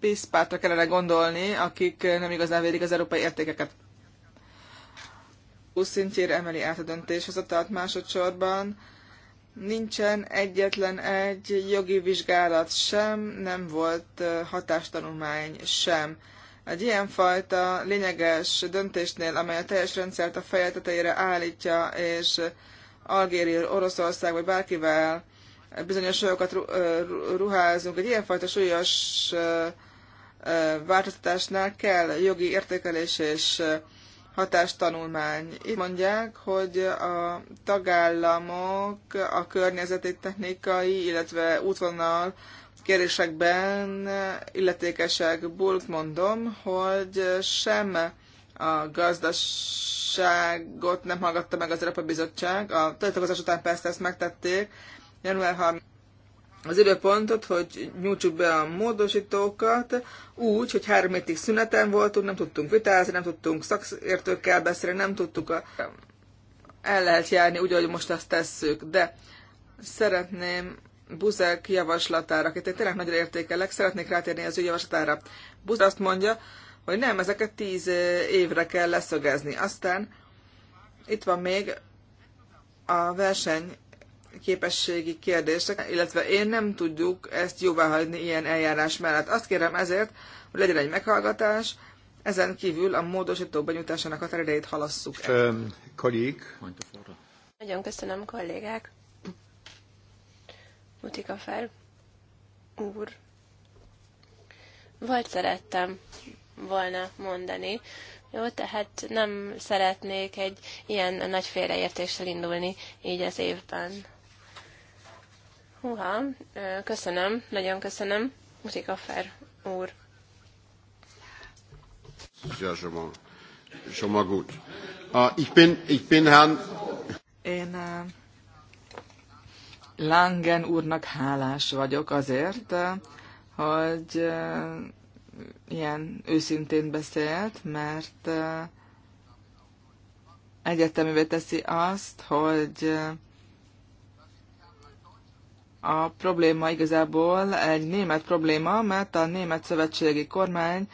piszpátra kellene gondolni, akik nem igazán védik az európai értékeket. Szintjére emeli át a döntéshozatalt másodszorban. Nincsen egyetlen egy jogi vizsgálat sem, nem volt hatástanulmány sem. Egy ilyenfajta lényeges döntésnél, amely a teljes rendszert a feje állítja, és Algéria, Oroszország vagy bárkivel bizonyos súlyokat ruházunk. Egy ilyenfajta súlyos változtatásnál kell jogi értékelés és hatástanulmány. Itt mondják, hogy a tagállamok a környezeti technikai, illetve útvonal kérésekben illetékesek. Bulk mondom, hogy sem a gazdaságot nem hallgatta meg az Európa Bizottság. A töltőkozás után persze ezt megtették, január 30 az időpontot, hogy nyújtsuk be a módosítókat úgy, hogy három hétig szüneten voltunk, nem tudtunk vitázni, nem tudtunk szakértőkkel beszélni, nem tudtuk a... el lehet járni úgy, ahogy most azt tesszük, de szeretném Buzek javaslatára, akit én tényleg nagyra értékelek, szeretnék rátérni az ő javaslatára. Buzek azt mondja, hogy nem, ezeket tíz évre kell leszögezni. Aztán itt van még a verseny képességi kérdések, illetve én nem tudjuk ezt hagyni ilyen eljárás mellett. Azt kérem ezért, hogy legyen egy meghallgatás, ezen kívül a módosító benyújtásának határidejét halasszuk el. Nagyon köszönöm, kollégák. Mutika fel. Úr. Vagy szerettem volna mondani, jó, tehát nem szeretnék egy ilyen nagy félreértéssel indulni így az évben. Húha, köszönöm, nagyon köszönöm. Mutika Fer úr. Ah, ich bin, ich bin Herrn... Én uh, Langen úrnak hálás vagyok azért, uh, hogy uh, ilyen őszintén beszélt, mert uh, egyeteművé teszi azt, hogy uh, a probléma igazából egy német probléma, mert a német szövetségi kormány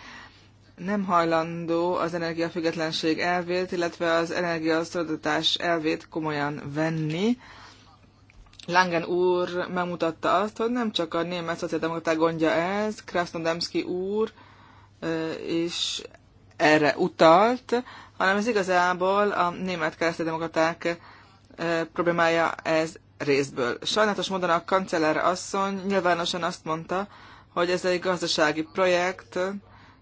nem hajlandó az energiafüggetlenség elvét, illetve az energiaszolgáltatás elvét komolyan venni. Langen úr megmutatta azt, hogy nem csak a német szociáldemokraták gondja ez, Krasnodemski úr is erre utalt, hanem ez igazából a német demokraták problémája ez részből. Sajnálatos módon a kancellár asszony nyilvánosan azt mondta, hogy ez egy gazdasági projekt,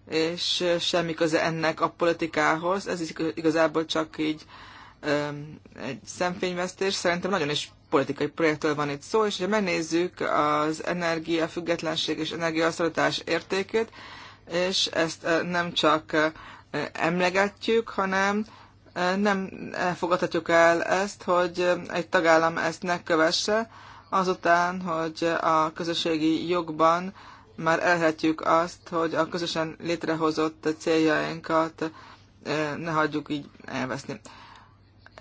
és semmi köze ennek a politikához. Ez igazából csak így um, egy szemfényvesztés. Szerintem nagyon is politikai projektől van itt szó, és ha megnézzük az energia függetlenség és energiaasztalatás értékét, és ezt nem csak emlegetjük, hanem nem fogadhatjuk el ezt, hogy egy tagállam ezt ne kövesse, azután, hogy a közösségi jogban már elhetjük azt, hogy a közösen létrehozott céljainkat eh, ne hagyjuk így elveszni.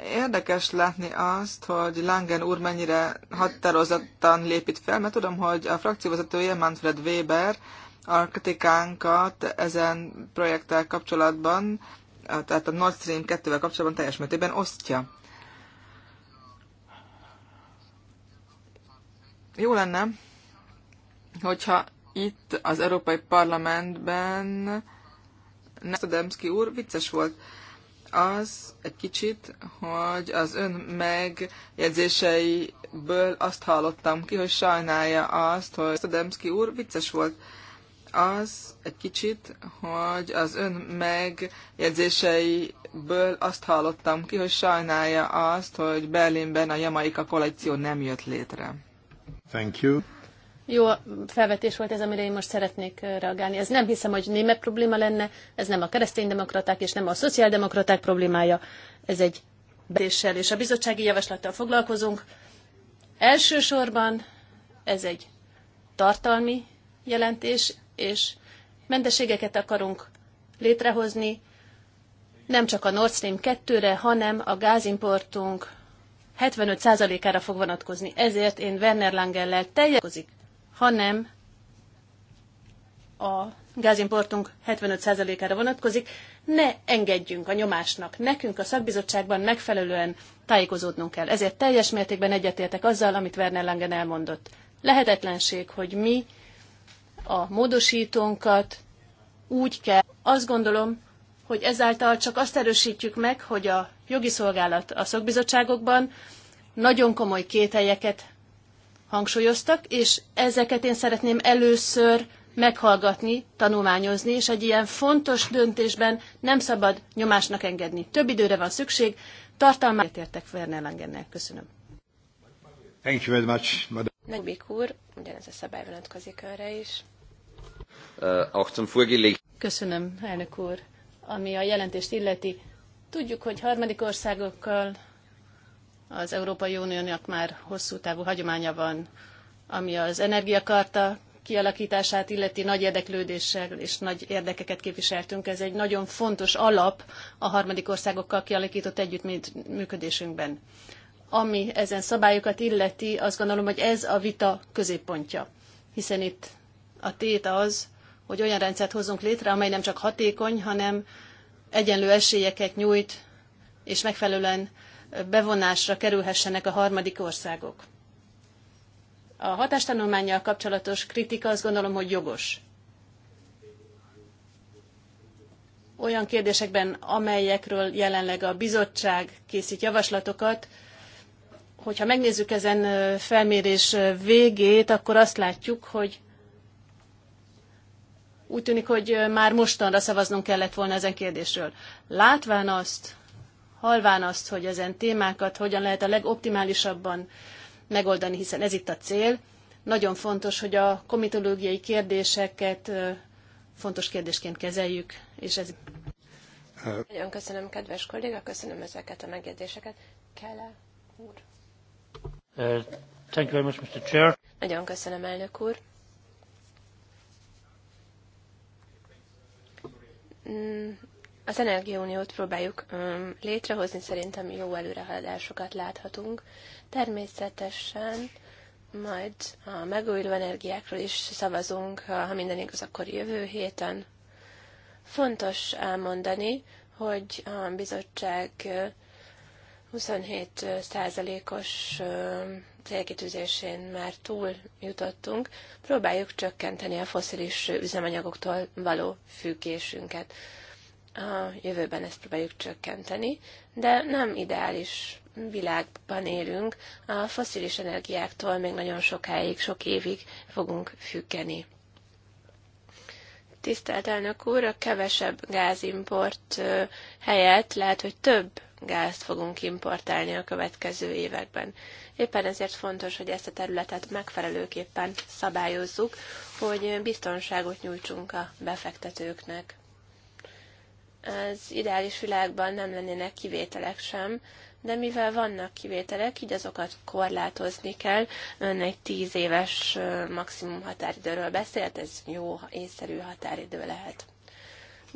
Érdekes látni azt, hogy Langen úr mennyire határozottan lépít fel, mert tudom, hogy a frakcióvezetője Manfred Weber a kritikánkat ezen projekttel kapcsolatban tehát a Nord Stream 2-vel kapcsolatban teljes mértékben osztja. Jó lenne, hogyha itt az Európai Parlamentben Nestodemski úr vicces volt az egy kicsit, hogy az ön megjegyzéseiből azt hallottam ki, hogy sajnálja azt, hogy Stodemski úr vicces volt az egy kicsit, hogy az ön megjegyzéseiből azt hallottam ki, hogy sajnálja azt, hogy Berlinben a Jamaika kollekció nem jött létre. Thank you. Jó felvetés volt ez, amire én most szeretnék eh, reagálni. Ez nem hiszem, hogy német probléma lenne, ez nem a kereszténydemokraták és nem a szociáldemokraták problémája, ez egy beszéssel és a bizottsági javaslattal foglalkozunk. Elsősorban ez egy tartalmi jelentés, és mentességeket akarunk létrehozni, nem csak a Nord Stream 2-re, hanem a gázimportunk 75%-ára fog vonatkozni. Ezért én Werner Langellel teljekozik, hanem a gázimportunk 75%-ára vonatkozik. Ne engedjünk a nyomásnak. Nekünk a szakbizottságban megfelelően tájékozódnunk kell. Ezért teljes mértékben egyetértek azzal, amit Werner Langen elmondott. Lehetetlenség, hogy mi a módosítónkat úgy kell. Azt gondolom, hogy ezáltal csak azt erősítjük meg, hogy a jogi szolgálat a szakbizottságokban nagyon komoly kételyeket hangsúlyoztak, és ezeket én szeretném először meghallgatni, tanulmányozni, és egy ilyen fontos döntésben nem szabad nyomásnak engedni. Több időre van szükség, tartalmát értek Werner Langennel. Köszönöm. Thank you very much, madam. Nagybék úr, ugyanez a szabály vonatkozik önre is auch zum Köszönöm, elnök úr. Ami a jelentést illeti, tudjuk, hogy harmadik országokkal az Európai Uniónak már hosszú távú hagyománya van, ami az energiakarta kialakítását illeti nagy érdeklődéssel és nagy érdekeket képviseltünk. Ez egy nagyon fontos alap a harmadik országokkal kialakított együttműködésünkben. Ami ezen szabályokat illeti, azt gondolom, hogy ez a vita középpontja, hiszen itt a tét az, hogy olyan rendszert hozzunk létre, amely nem csak hatékony, hanem egyenlő esélyeket nyújt, és megfelelően bevonásra kerülhessenek a harmadik országok. A hatástanulmányjal kapcsolatos kritika azt gondolom, hogy jogos. Olyan kérdésekben, amelyekről jelenleg a bizottság készít javaslatokat, hogyha megnézzük ezen felmérés végét, akkor azt látjuk, hogy úgy tűnik, hogy már mostanra szavaznunk kellett volna ezen kérdésről. Látván azt, halván azt, hogy ezen témákat hogyan lehet a legoptimálisabban megoldani, hiszen ez itt a cél, nagyon fontos, hogy a komitológiai kérdéseket fontos kérdésként kezeljük, és ez... Nagyon köszönöm, kedves kolléga, köszönöm ezeket a megjegyzéseket. Kele úr. Uh, thank you very much, Mr. Chair. Nagyon köszönöm, elnök úr. Mm, az Energiauniót próbáljuk um, létrehozni, szerintem jó előrehaladásokat láthatunk. Természetesen majd a megújuló energiákról is szavazunk, ha minden igaz, akkor jövő héten. Fontos elmondani, hogy a bizottság 27 mm, százalékos um, célkitűzésén már túl jutottunk, próbáljuk csökkenteni a foszilis üzemanyagoktól való függésünket. A jövőben ezt próbáljuk csökkenteni, de nem ideális világban élünk, a foszilis energiáktól még nagyon sokáig, sok évig fogunk függeni. Tisztelt elnök úr, a kevesebb gázimport helyett lehet, hogy több gázt fogunk importálni a következő években. Éppen ezért fontos, hogy ezt a területet megfelelőképpen szabályozzuk, hogy biztonságot nyújtsunk a befektetőknek. Az ideális világban nem lennének kivételek sem, de mivel vannak kivételek, így azokat korlátozni kell. Ön egy tíz éves maximum határidőről beszélt, ez jó, észszerű határidő lehet.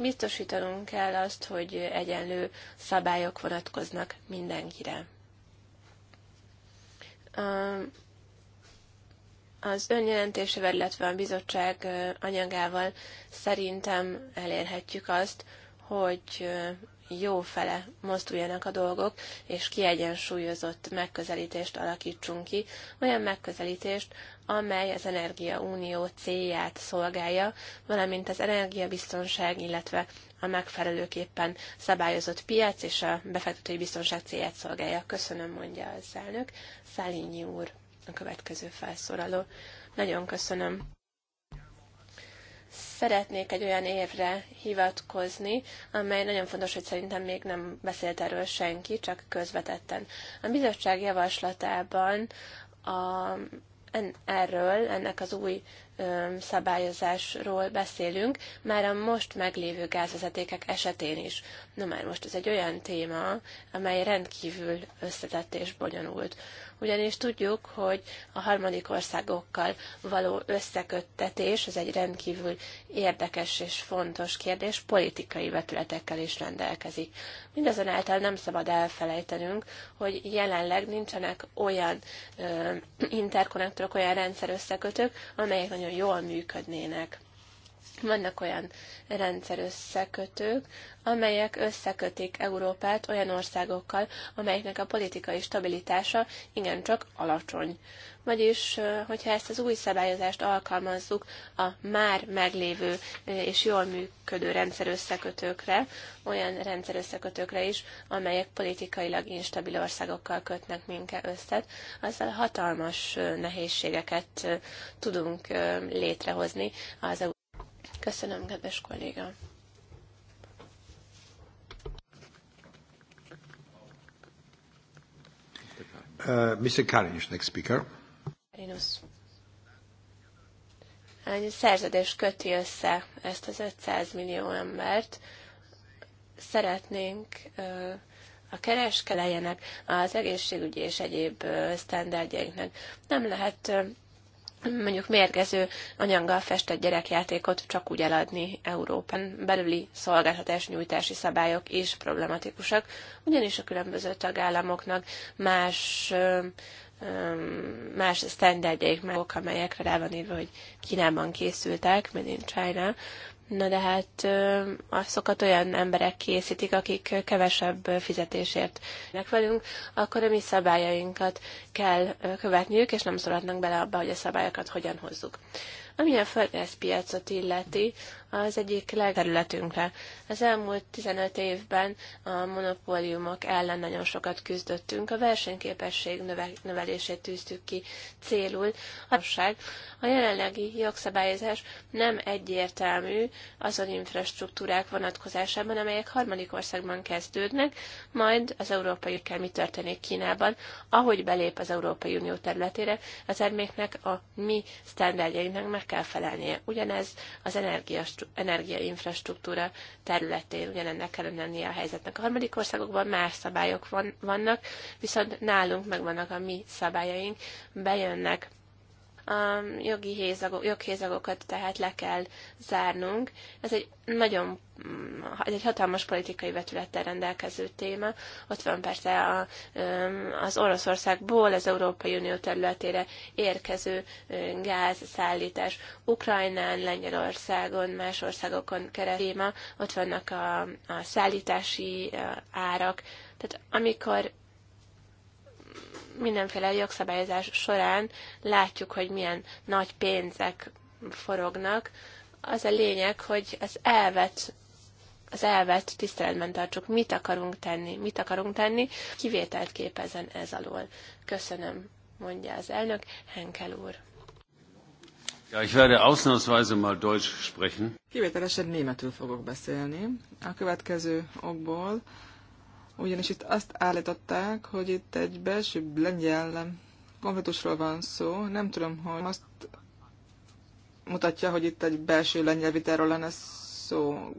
Biztosítanunk kell azt, hogy egyenlő szabályok vonatkoznak mindenkire. Az önjelentésével, illetve a bizottság anyagával szerintem elérhetjük azt, hogy jó fele mozduljanak a dolgok, és kiegyensúlyozott megközelítést alakítsunk ki, olyan megközelítést, amely az Energia Unió célját szolgálja, valamint az energiabiztonság, illetve a megfelelőképpen szabályozott piac és a befektetői biztonság célját szolgálja. Köszönöm, mondja az elnök. Szálényi úr, a következő felszólaló. Nagyon köszönöm szeretnék egy olyan évre hivatkozni, amely nagyon fontos, hogy szerintem még nem beszélt erről senki, csak közvetetten. A bizottság javaslatában a, en, erről, ennek az új ö, szabályozásról beszélünk, már a most meglévő gázvezetékek esetén is. Na már most ez egy olyan téma, amely rendkívül összetett és bonyolult ugyanis tudjuk, hogy a harmadik országokkal való összeköttetés az egy rendkívül érdekes és fontos kérdés, politikai vetületekkel is rendelkezik. Mindazonáltal nem szabad elfelejtenünk, hogy jelenleg nincsenek olyan ö, interkonnektorok, olyan rendszerösszekötők, amelyek nagyon jól működnének. Vannak olyan rendszerösszekötők, amelyek összekötik Európát olyan országokkal, amelyeknek a politikai stabilitása igencsak alacsony. Vagyis, hogyha ezt az új szabályozást alkalmazzuk a már meglévő és jól működő rendszerösszekötőkre, olyan rendszerösszekötőkre is, amelyek politikailag instabil országokkal kötnek minket össze, azzal hatalmas nehézségeket tudunk létrehozni az Köszönöm, kedves kolléga. Uh, Mr. Karinus, next speaker. Karinus. Egy szerződés köti össze ezt az 500 millió embert. Szeretnénk uh, a kereskedeljenek, az egészségügyi és egyéb uh, standardjainknak. Nem lehet uh, mondjuk mérgező anyaggal festett gyerekjátékot csak úgy eladni Európán belüli szolgáltatás nyújtási szabályok is problematikusak, ugyanis a különböző tagállamoknak más más sztenderdjeik, maguk, amelyekre rá van írva, hogy Kínában készültek, mint in China, Na de hát azokat olyan emberek készítik, akik kevesebb fizetésért jönnek velünk, akkor a mi szabályainkat kell követniük, és nem szólhatnak bele abba, hogy a szabályokat hogyan hozzuk. Ami a földgázpiacot illeti, az egyik legterületünkre. Az elmúlt 15 évben a monopóliumok ellen nagyon sokat küzdöttünk, a versenyképesség növelését tűztük ki célul. A jelenlegi jogszabályozás nem egyértelmű azon infrastruktúrák vonatkozásában, amelyek harmadik országban kezdődnek, majd az európai kell mi történik Kínában, ahogy belép az Európai Unió területére, az terméknek a mi sztenderdjeinknek meg kell felelnie. Ugyanez az energiainfrastruktúra területén ugyanennek kell lennie a helyzetnek. A harmadik országokban más szabályok van, vannak, viszont nálunk megvannak a mi szabályaink, bejönnek a jogi hézagok, joghézagokat tehát le kell zárnunk. Ez egy nagyon, ez egy hatalmas politikai vetülettel rendelkező téma. Ott van persze a, az Oroszországból az Európai Unió területére érkező gázszállítás Ukrajnán, Lengyelországon, más országokon keresztül. Ott vannak a, a szállítási árak. Tehát amikor mindenféle jogszabályozás során látjuk, hogy milyen nagy pénzek forognak. Az a lényeg, hogy az elvet az elvet tiszteletben tartsuk, mit akarunk tenni, mit akarunk tenni, kivételt képezen ez alól. Köszönöm, mondja az elnök, Henkel úr. Ja, ich werde ausnahmsweise mal Deutsch sprechen. Kivételesen németül fogok beszélni. A következő okból ugyanis itt azt állították, hogy itt egy belső lengyel konfliktusról van szó. Nem tudom, hogy azt mutatja, hogy itt egy belső lengyel vitáról lenne szó.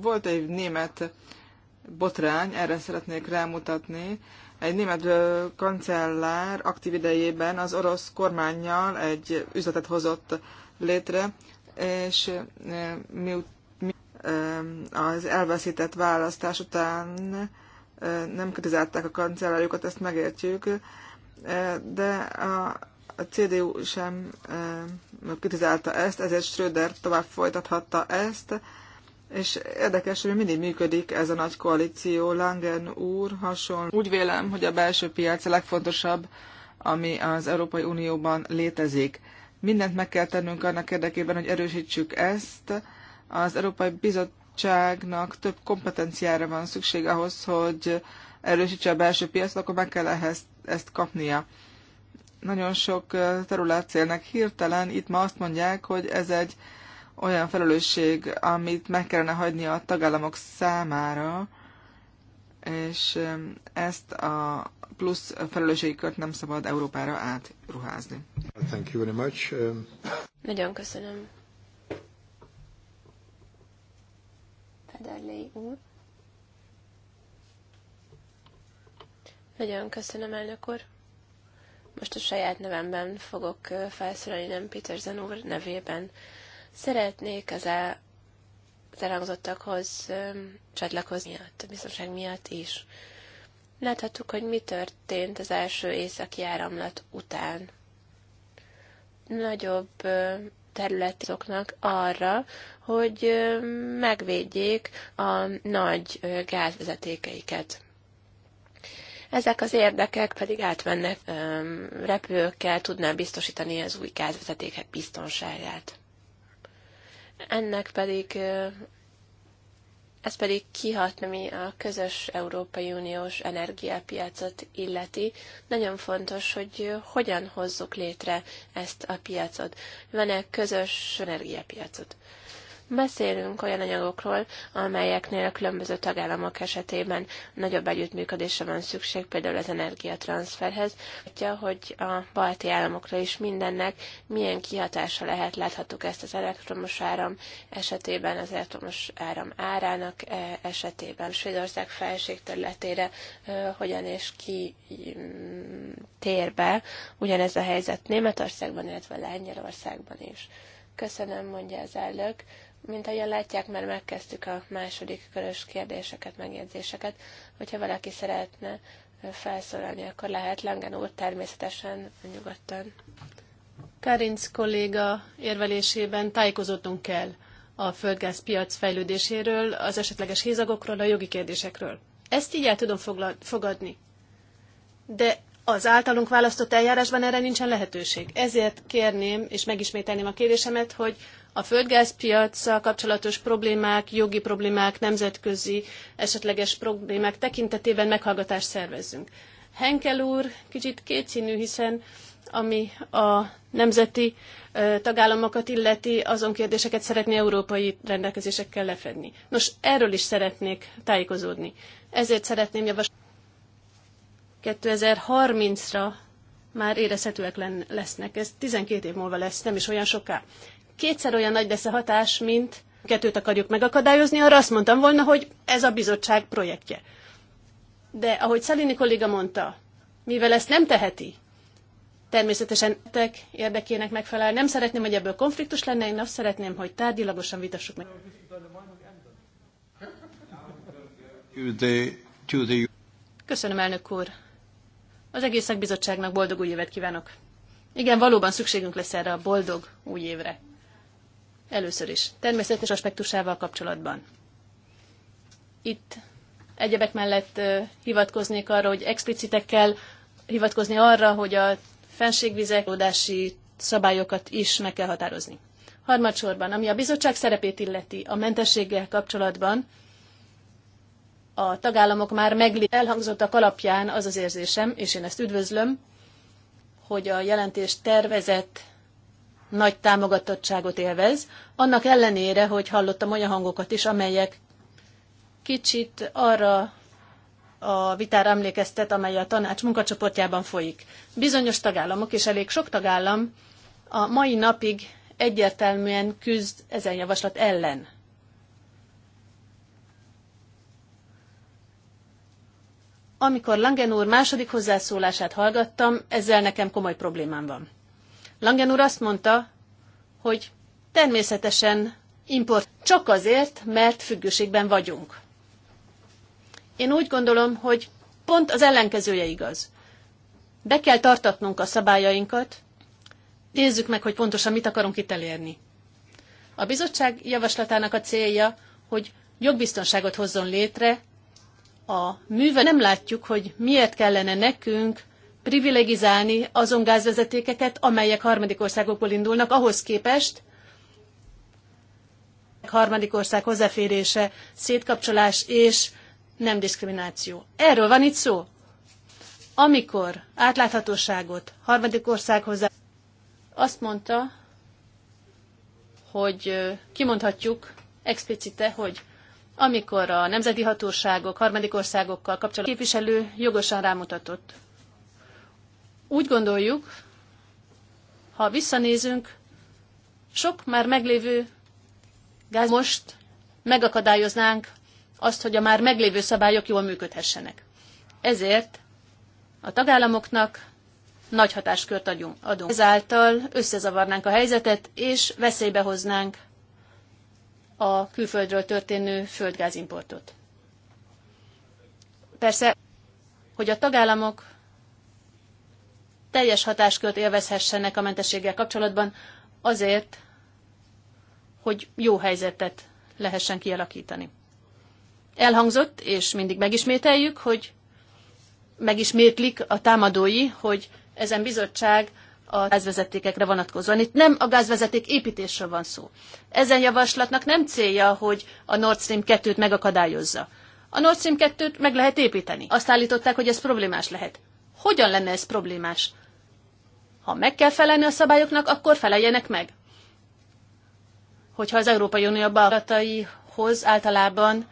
Volt egy német botrány, erre szeretnék rámutatni. Egy német kancellár aktív idejében az orosz kormányjal egy üzletet hozott létre, és miután az elveszített választás után nem kritizálták a kancellárjukat, ezt megértjük, de a, a CDU sem kritizálta ezt, ezért Schröder tovább folytathatta ezt, és érdekes, hogy mindig működik ez a nagy koalíció, Langen úr hasonló. Úgy vélem, hogy a belső piac a legfontosabb, ami az Európai Unióban létezik. Mindent meg kell tennünk annak érdekében, hogy erősítsük ezt, az Európai Bizottságnak több kompetenciára van szükség ahhoz, hogy erősítse a belső piacot, akkor meg kell ehhez, ezt kapnia. Nagyon sok terület célnak hirtelen itt ma azt mondják, hogy ez egy olyan felelősség, amit meg kellene hagyni a tagállamok számára, és ezt a plusz felelősségkört nem szabad Európára átruházni. Thank you very much. Nagyon köszönöm Ederlei úr. Nagyon köszönöm, elnök úr. Most a saját nevemben fogok felszólalni, nem Petersen úr nevében. Szeretnék az, el, az elhangzottakhoz csatlakozni a biztonság miatt is. Láthattuk, hogy mi történt az első északi áramlat után. Nagyobb azoknak arra, hogy megvédjék a nagy gázvezetékeiket. Ezek az érdekek pedig átmennek repülőkkel, tudná biztosítani az új gázvezetékek biztonságát. Ennek pedig ez pedig kihat, ami a közös Európai Uniós energiapiacot illeti. Nagyon fontos, hogy hogyan hozzuk létre ezt a piacot. Van-e közös energiapiacot? Beszélünk olyan anyagokról, amelyeknél a különböző tagállamok esetében nagyobb együttműködésre van szükség, például az energiatranszferhez. hogyha, hogy a balti államokra is mindennek milyen kihatása lehet, láthattuk ezt az elektromos áram esetében, az elektromos áram árának e, esetében, Svédország felség területére e, hogyan és ki tér be. Ugyanez a helyzet Németországban, illetve Lengyelországban is. Köszönöm, mondja az elnök. Mint ahogyan látják, mert megkezdtük a második körös kérdéseket, megjegyzéseket. Hogyha valaki szeretne felszólalni, akkor lehet. Langen úr természetesen nyugodtan. Karinc kolléga érvelésében tájékozódnunk kell a földgázpiac fejlődéséről, az esetleges hézagokról, a jogi kérdésekről. Ezt így el tudom fogadni. De az általunk választott eljárásban erre nincsen lehetőség. Ezért kérném, és megismételném a kérdésemet, hogy a földgázpiacsal kapcsolatos problémák, jogi problémák, nemzetközi esetleges problémák tekintetében meghallgatást szervezzünk. Henkel úr kicsit kétszínű, hiszen ami a nemzeti tagállamokat illeti, azon kérdéseket szeretné európai rendelkezésekkel lefedni. Nos, erről is szeretnék tájékozódni. Ezért szeretném javasolni, 2030-ra már érezhetőek lesznek. Ez 12 év múlva lesz, nem is olyan soká kétszer olyan nagy lesz a hatás, mint kettőt akarjuk megakadályozni, arra azt mondtam volna, hogy ez a bizottság projektje. De ahogy Szalini kolléga mondta, mivel ezt nem teheti, természetesen tek érdekének megfelel. Nem szeretném, hogy ebből konfliktus lenne, én azt szeretném, hogy tárgyilagosan vitassuk meg. Köszönöm, elnök úr. Az egész szakbizottságnak boldog új évet kívánok. Igen, valóban szükségünk lesz erre a boldog új évre. Először is, természetes aspektusával kapcsolatban. Itt egyebek mellett hivatkoznék arra, hogy explicitek kell hivatkozni arra, hogy a fenségvizek oldási szabályokat is meg kell határozni. Harmadsorban, ami a bizottság szerepét illeti a mentességgel kapcsolatban, a tagállamok már megli elhangzottak alapján az az érzésem, és én ezt üdvözlöm, hogy a jelentés tervezett nagy támogatottságot élvez, annak ellenére, hogy hallottam olyan hangokat is, amelyek kicsit arra a vitára emlékeztet, amely a tanács munkacsoportjában folyik. Bizonyos tagállamok, és elég sok tagállam a mai napig egyértelműen küzd ezen javaslat ellen. Amikor Langen úr második hozzászólását hallgattam, ezzel nekem komoly problémám van. Langen úr azt mondta, hogy természetesen import csak azért, mert függőségben vagyunk. Én úgy gondolom, hogy pont az ellenkezője igaz. Be kell tartatnunk a szabályainkat, nézzük meg, hogy pontosan mit akarunk itt elérni. A bizottság javaslatának a célja, hogy jogbiztonságot hozzon létre, a műve nem látjuk, hogy miért kellene nekünk privilegizálni azon gázvezetékeket, amelyek harmadik országokból indulnak, ahhoz képest harmadik ország hozzáférése, szétkapcsolás és nem diszkrimináció. Erről van itt szó. Amikor átláthatóságot harmadik ország Azt mondta, hogy kimondhatjuk explicite, hogy amikor a nemzeti hatóságok harmadik országokkal kapcsolatban képviselő jogosan rámutatott, úgy gondoljuk, ha visszanézünk, sok már meglévő gáz most megakadályoznánk azt, hogy a már meglévő szabályok jól működhessenek. Ezért a tagállamoknak nagy hatáskört adunk. Ezáltal összezavarnánk a helyzetet, és veszélybe hoznánk a külföldről történő földgázimportot. Persze, hogy a tagállamok teljes hatáskört élvezhessenek a mentességgel kapcsolatban azért, hogy jó helyzetet lehessen kialakítani. Elhangzott, és mindig megismételjük, hogy megismétlik a támadói, hogy ezen bizottság a gázvezetékekre vonatkozóan. Itt nem a gázvezeték építésről van szó. Ezen javaslatnak nem célja, hogy a Nord Stream 2-t megakadályozza. A Nord Stream 2-t meg lehet építeni. Azt állították, hogy ez problémás lehet. Hogyan lenne ez problémás? Ha meg kell felelni a szabályoknak, akkor feleljenek meg. Hogyha az Európai Unió beadataihoz általában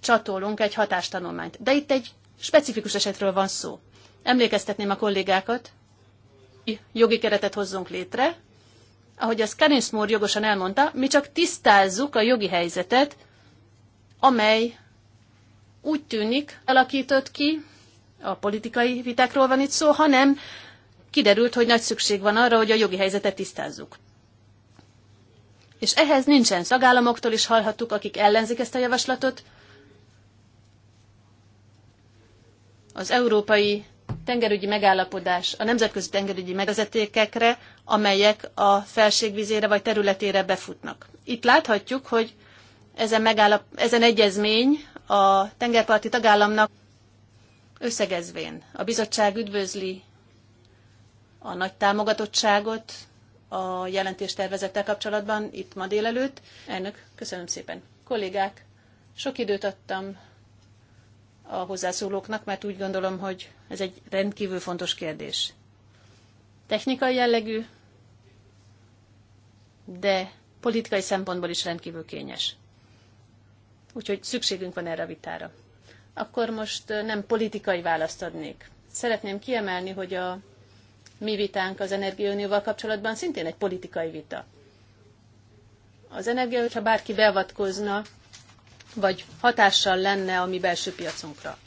csatolunk egy hatástanulmányt. De itt egy specifikus esetről van szó. Emlékeztetném a kollégákat, jogi keretet hozzunk létre. Ahogy az Karinsmore jogosan elmondta, mi csak tisztázzuk a jogi helyzetet, amely úgy tűnik alakított ki, a politikai vitákról van itt szó, hanem kiderült, hogy nagy szükség van arra, hogy a jogi helyzetet tisztázzuk. És ehhez nincsen szagállamoktól is hallhattuk, akik ellenzik ezt a javaslatot. Az európai tengerügyi megállapodás a nemzetközi tengerügyi megvezetékekre, amelyek a felségvizére vagy területére befutnak. Itt láthatjuk, hogy ezen, megállap, ezen egyezmény a tengerparti tagállamnak összegezvén. A bizottság üdvözli a nagy támogatottságot a jelentéstervezettel kapcsolatban itt ma délelőtt. Elnök, köszönöm szépen. Kollégák, sok időt adtam a hozzászólóknak, mert úgy gondolom, hogy ez egy rendkívül fontos kérdés. Technikai jellegű, de politikai szempontból is rendkívül kényes. Úgyhogy szükségünk van erre a vitára. Akkor most nem politikai választ adnék. Szeretném kiemelni, hogy a mi vitánk az energiaunióval kapcsolatban szintén egy politikai vita. Az energia, hogyha bárki beavatkozna, vagy hatással lenne a mi belső piacunkra.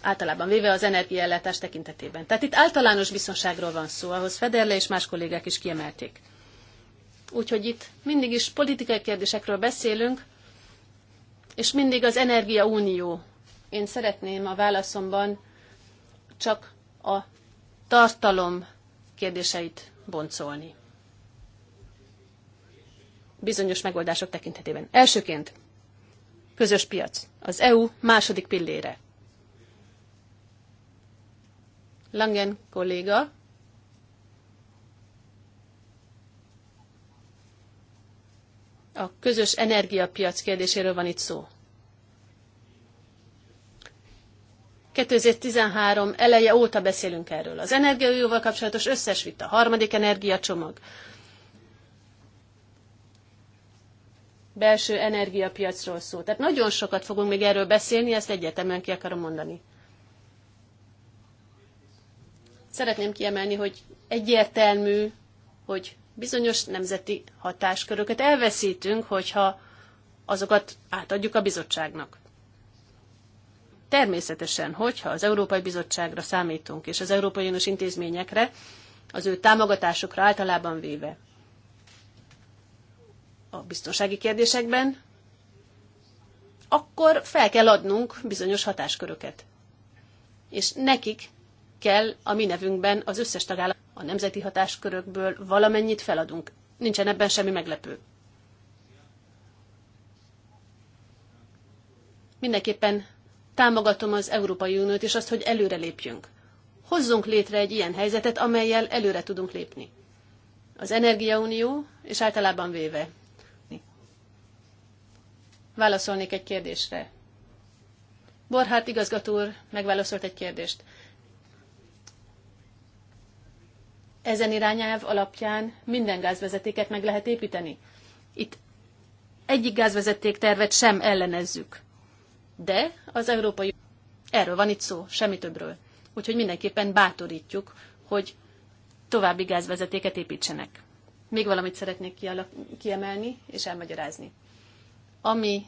Általában véve az energiaellátás tekintetében. Tehát itt általános biztonságról van szó, ahhoz Federle és más kollégák is kiemelték. Úgyhogy itt mindig is politikai kérdésekről beszélünk, és mindig az energiaunió. Én szeretném a válaszomban csak a tartalom kérdéseit boncolni. Bizonyos megoldások tekintetében. Elsőként közös piac. Az EU második pillére. Langen kolléga a közös energiapiac kérdéséről van itt szó. 2013 eleje óta beszélünk erről. Az energiajóval kapcsolatos összes vita, harmadik energiacsomag, belső energiapiacról szó. Tehát nagyon sokat fogunk még erről beszélni, ezt egyetemen ki akarom mondani. Szeretném kiemelni, hogy egyértelmű, hogy bizonyos nemzeti hatásköröket elveszítünk, hogyha azokat átadjuk a bizottságnak. Természetesen, hogyha az Európai Bizottságra számítunk, és az Európai Uniós intézményekre, az ő támogatásokra általában véve a biztonsági kérdésekben, akkor fel kell adnunk bizonyos hatásköröket. És nekik kell a mi nevünkben az összes tagállam a nemzeti hatáskörökből valamennyit feladunk. Nincsen ebben semmi meglepő. Mindenképpen támogatom az Európai Uniót és azt, hogy előre lépjünk. Hozzunk létre egy ilyen helyzetet, amelyel előre tudunk lépni. Az Energiaunió, és általában véve. Válaszolnék egy kérdésre. Borhát igazgató úr megválaszolt egy kérdést. Ezen irányelv alapján minden gázvezetéket meg lehet építeni. Itt egyik gázvezeték tervet sem ellenezzük de az európai... Erről van itt szó, semmi többről. Úgyhogy mindenképpen bátorítjuk, hogy további gázvezetéket építsenek. Még valamit szeretnék kiemelni és elmagyarázni. Ami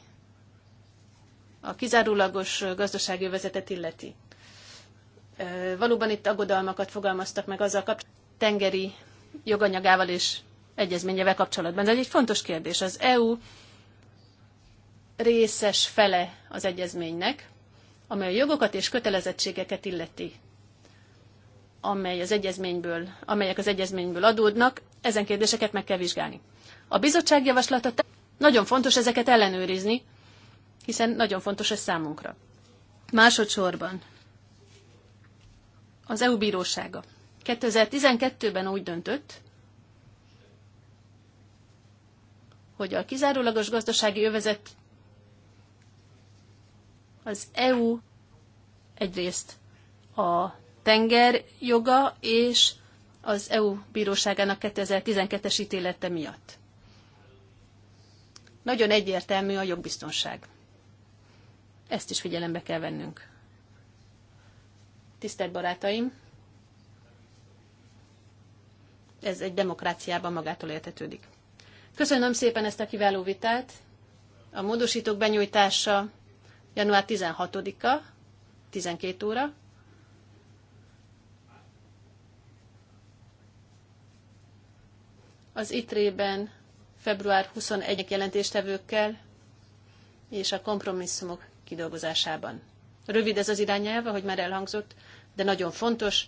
a kizárólagos gazdasági vezetet illeti. Valóban itt aggodalmakat fogalmaztak meg azzal kapcsolatban, tengeri joganyagával és egyezményevel kapcsolatban. De ez egy fontos kérdés. Az EU részes fele az egyezménynek, amely a jogokat és kötelezettségeket illeti, amely az egyezményből, amelyek az egyezményből adódnak, ezen kérdéseket meg kell vizsgálni. A bizottság javaslata nagyon fontos ezeket ellenőrizni, hiszen nagyon fontos ez számunkra. Másodszorban az EU bírósága 2012-ben úgy döntött, hogy a kizárólagos gazdasági övezet az EU egyrészt a tengerjoga és az EU bíróságának 2012-es ítélete miatt. Nagyon egyértelmű a jogbiztonság. Ezt is figyelembe kell vennünk. Tisztelt barátaim! Ez egy demokráciában magától értetődik. Köszönöm szépen ezt a kiváló vitát. A módosítók benyújtása január 16-a, 12 óra. Az ITRE-ben február 21-ek jelentéstevőkkel és a kompromisszumok kidolgozásában. Rövid ez az irányelve, hogy már elhangzott, de nagyon fontos,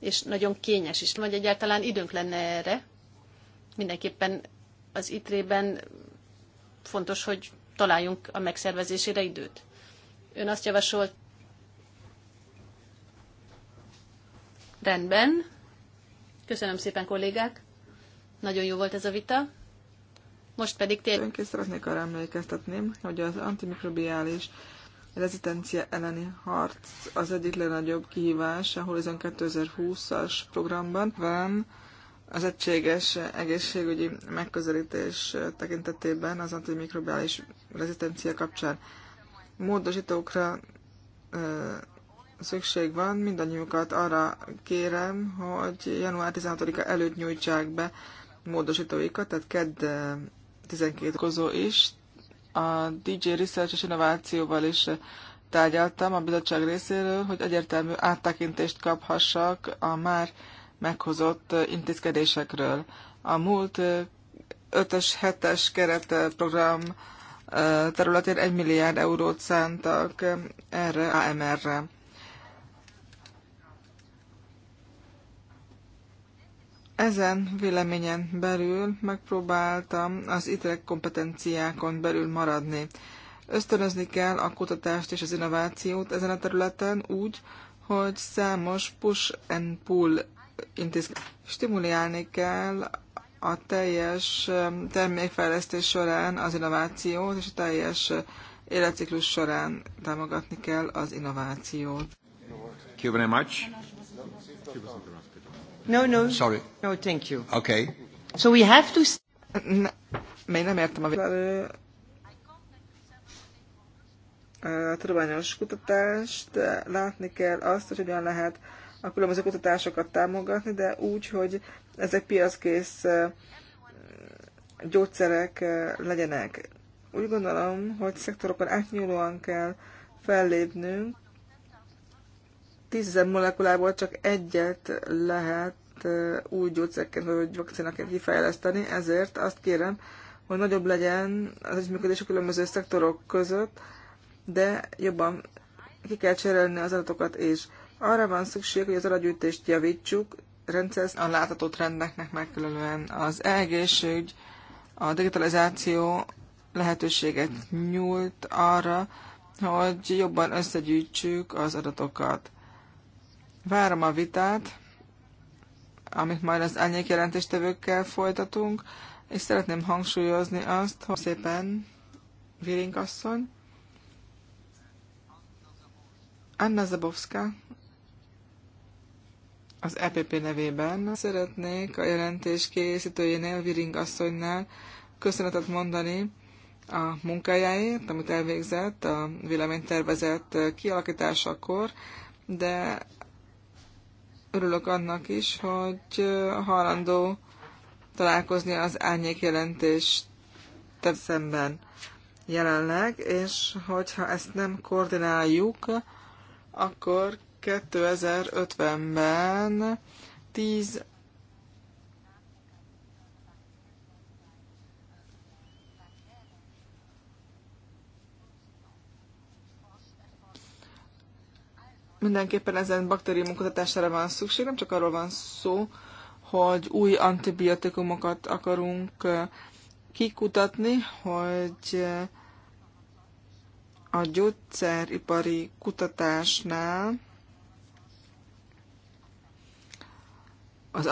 és nagyon kényes is. Vagy egyáltalán időnk lenne erre. Mindenképpen az ITRE-ben fontos, hogy találjunk a megszervezésére időt. Ön azt javasolt, rendben. Köszönöm szépen, kollégák. Nagyon jó volt ez a vita. Most pedig tényleg... Önként szeretnék arra emlékeztetni, hogy az antimikrobiális rezitencia elleni harc az egyik legnagyobb kihívás ahol az 2020-as programban van az egységes egészségügyi megközelítés tekintetében az antimikrobiális rezitencia kapcsán módosítókra ö, szükség van, mindannyiukat arra kérem, hogy január 16-a előtt nyújtsák be módosítóikat, tehát KED 12 kozó is. A DJ Research és Innovációval is tárgyaltam a bizottság részéről, hogy egyértelmű áttekintést kaphassak a már meghozott intézkedésekről. A múlt 5-ös, 7-es keretprogram területén 1 milliárd eurót szántak erre AMR-re. Ezen véleményen belül megpróbáltam az ITREK kompetenciákon belül maradni. Ösztönözni kell a kutatást és az innovációt ezen a területen úgy, hogy számos push and pull intézkedést stimulálni kell a teljes um, termékfejlesztés során az innovációt és a teljes uh, életciklus során támogatni kell az innovációt. Thank you very much. No, no. Sorry. No, thank you. Okay. So we have to... Ne, még nem értem a a tudományos kutatást, látni kell azt, hogy hogyan lehet a különböző kutatásokat támogatni, de úgy, hogy ezek piackész gyógyszerek legyenek. Úgy gondolom, hogy szektorokon átnyúlóan kell fellépnünk. Tízezer molekulából csak egyet lehet új gyógyszerként vagy vakcinaként kifejleszteni, ezért azt kérem, hogy nagyobb legyen az együttműködés a különböző szektorok között, de jobban ki kell cserélni az adatokat, és arra van szükség, hogy az aragyűjtést javítsuk, rendszer, a látható trendeknek megfelelően. Az egészségügy, a digitalizáció lehetőséget nyújt arra, hogy jobban összegyűjtsük az adatokat. Várom a vitát, amit majd az árnyék jelentéstevőkkel folytatunk, és szeretném hangsúlyozni azt, hogy szépen Virink asszony, Anna Zabowska az EPP nevében. Szeretnék a jelentés készítőjénél, Viring asszonynál köszönetet mondani a munkájáért, amit elvégzett a véleménytervezett kialakításakor, de örülök annak is, hogy hajlandó találkozni az árnyék jelentés szemben jelenleg, és hogyha ezt nem koordináljuk, akkor 2050-ben 10 mindenképpen ezen baktérium kutatására van szükség, nem csak arról van szó, hogy új antibiotikumokat akarunk kikutatni, hogy a gyógyszeripari kutatásnál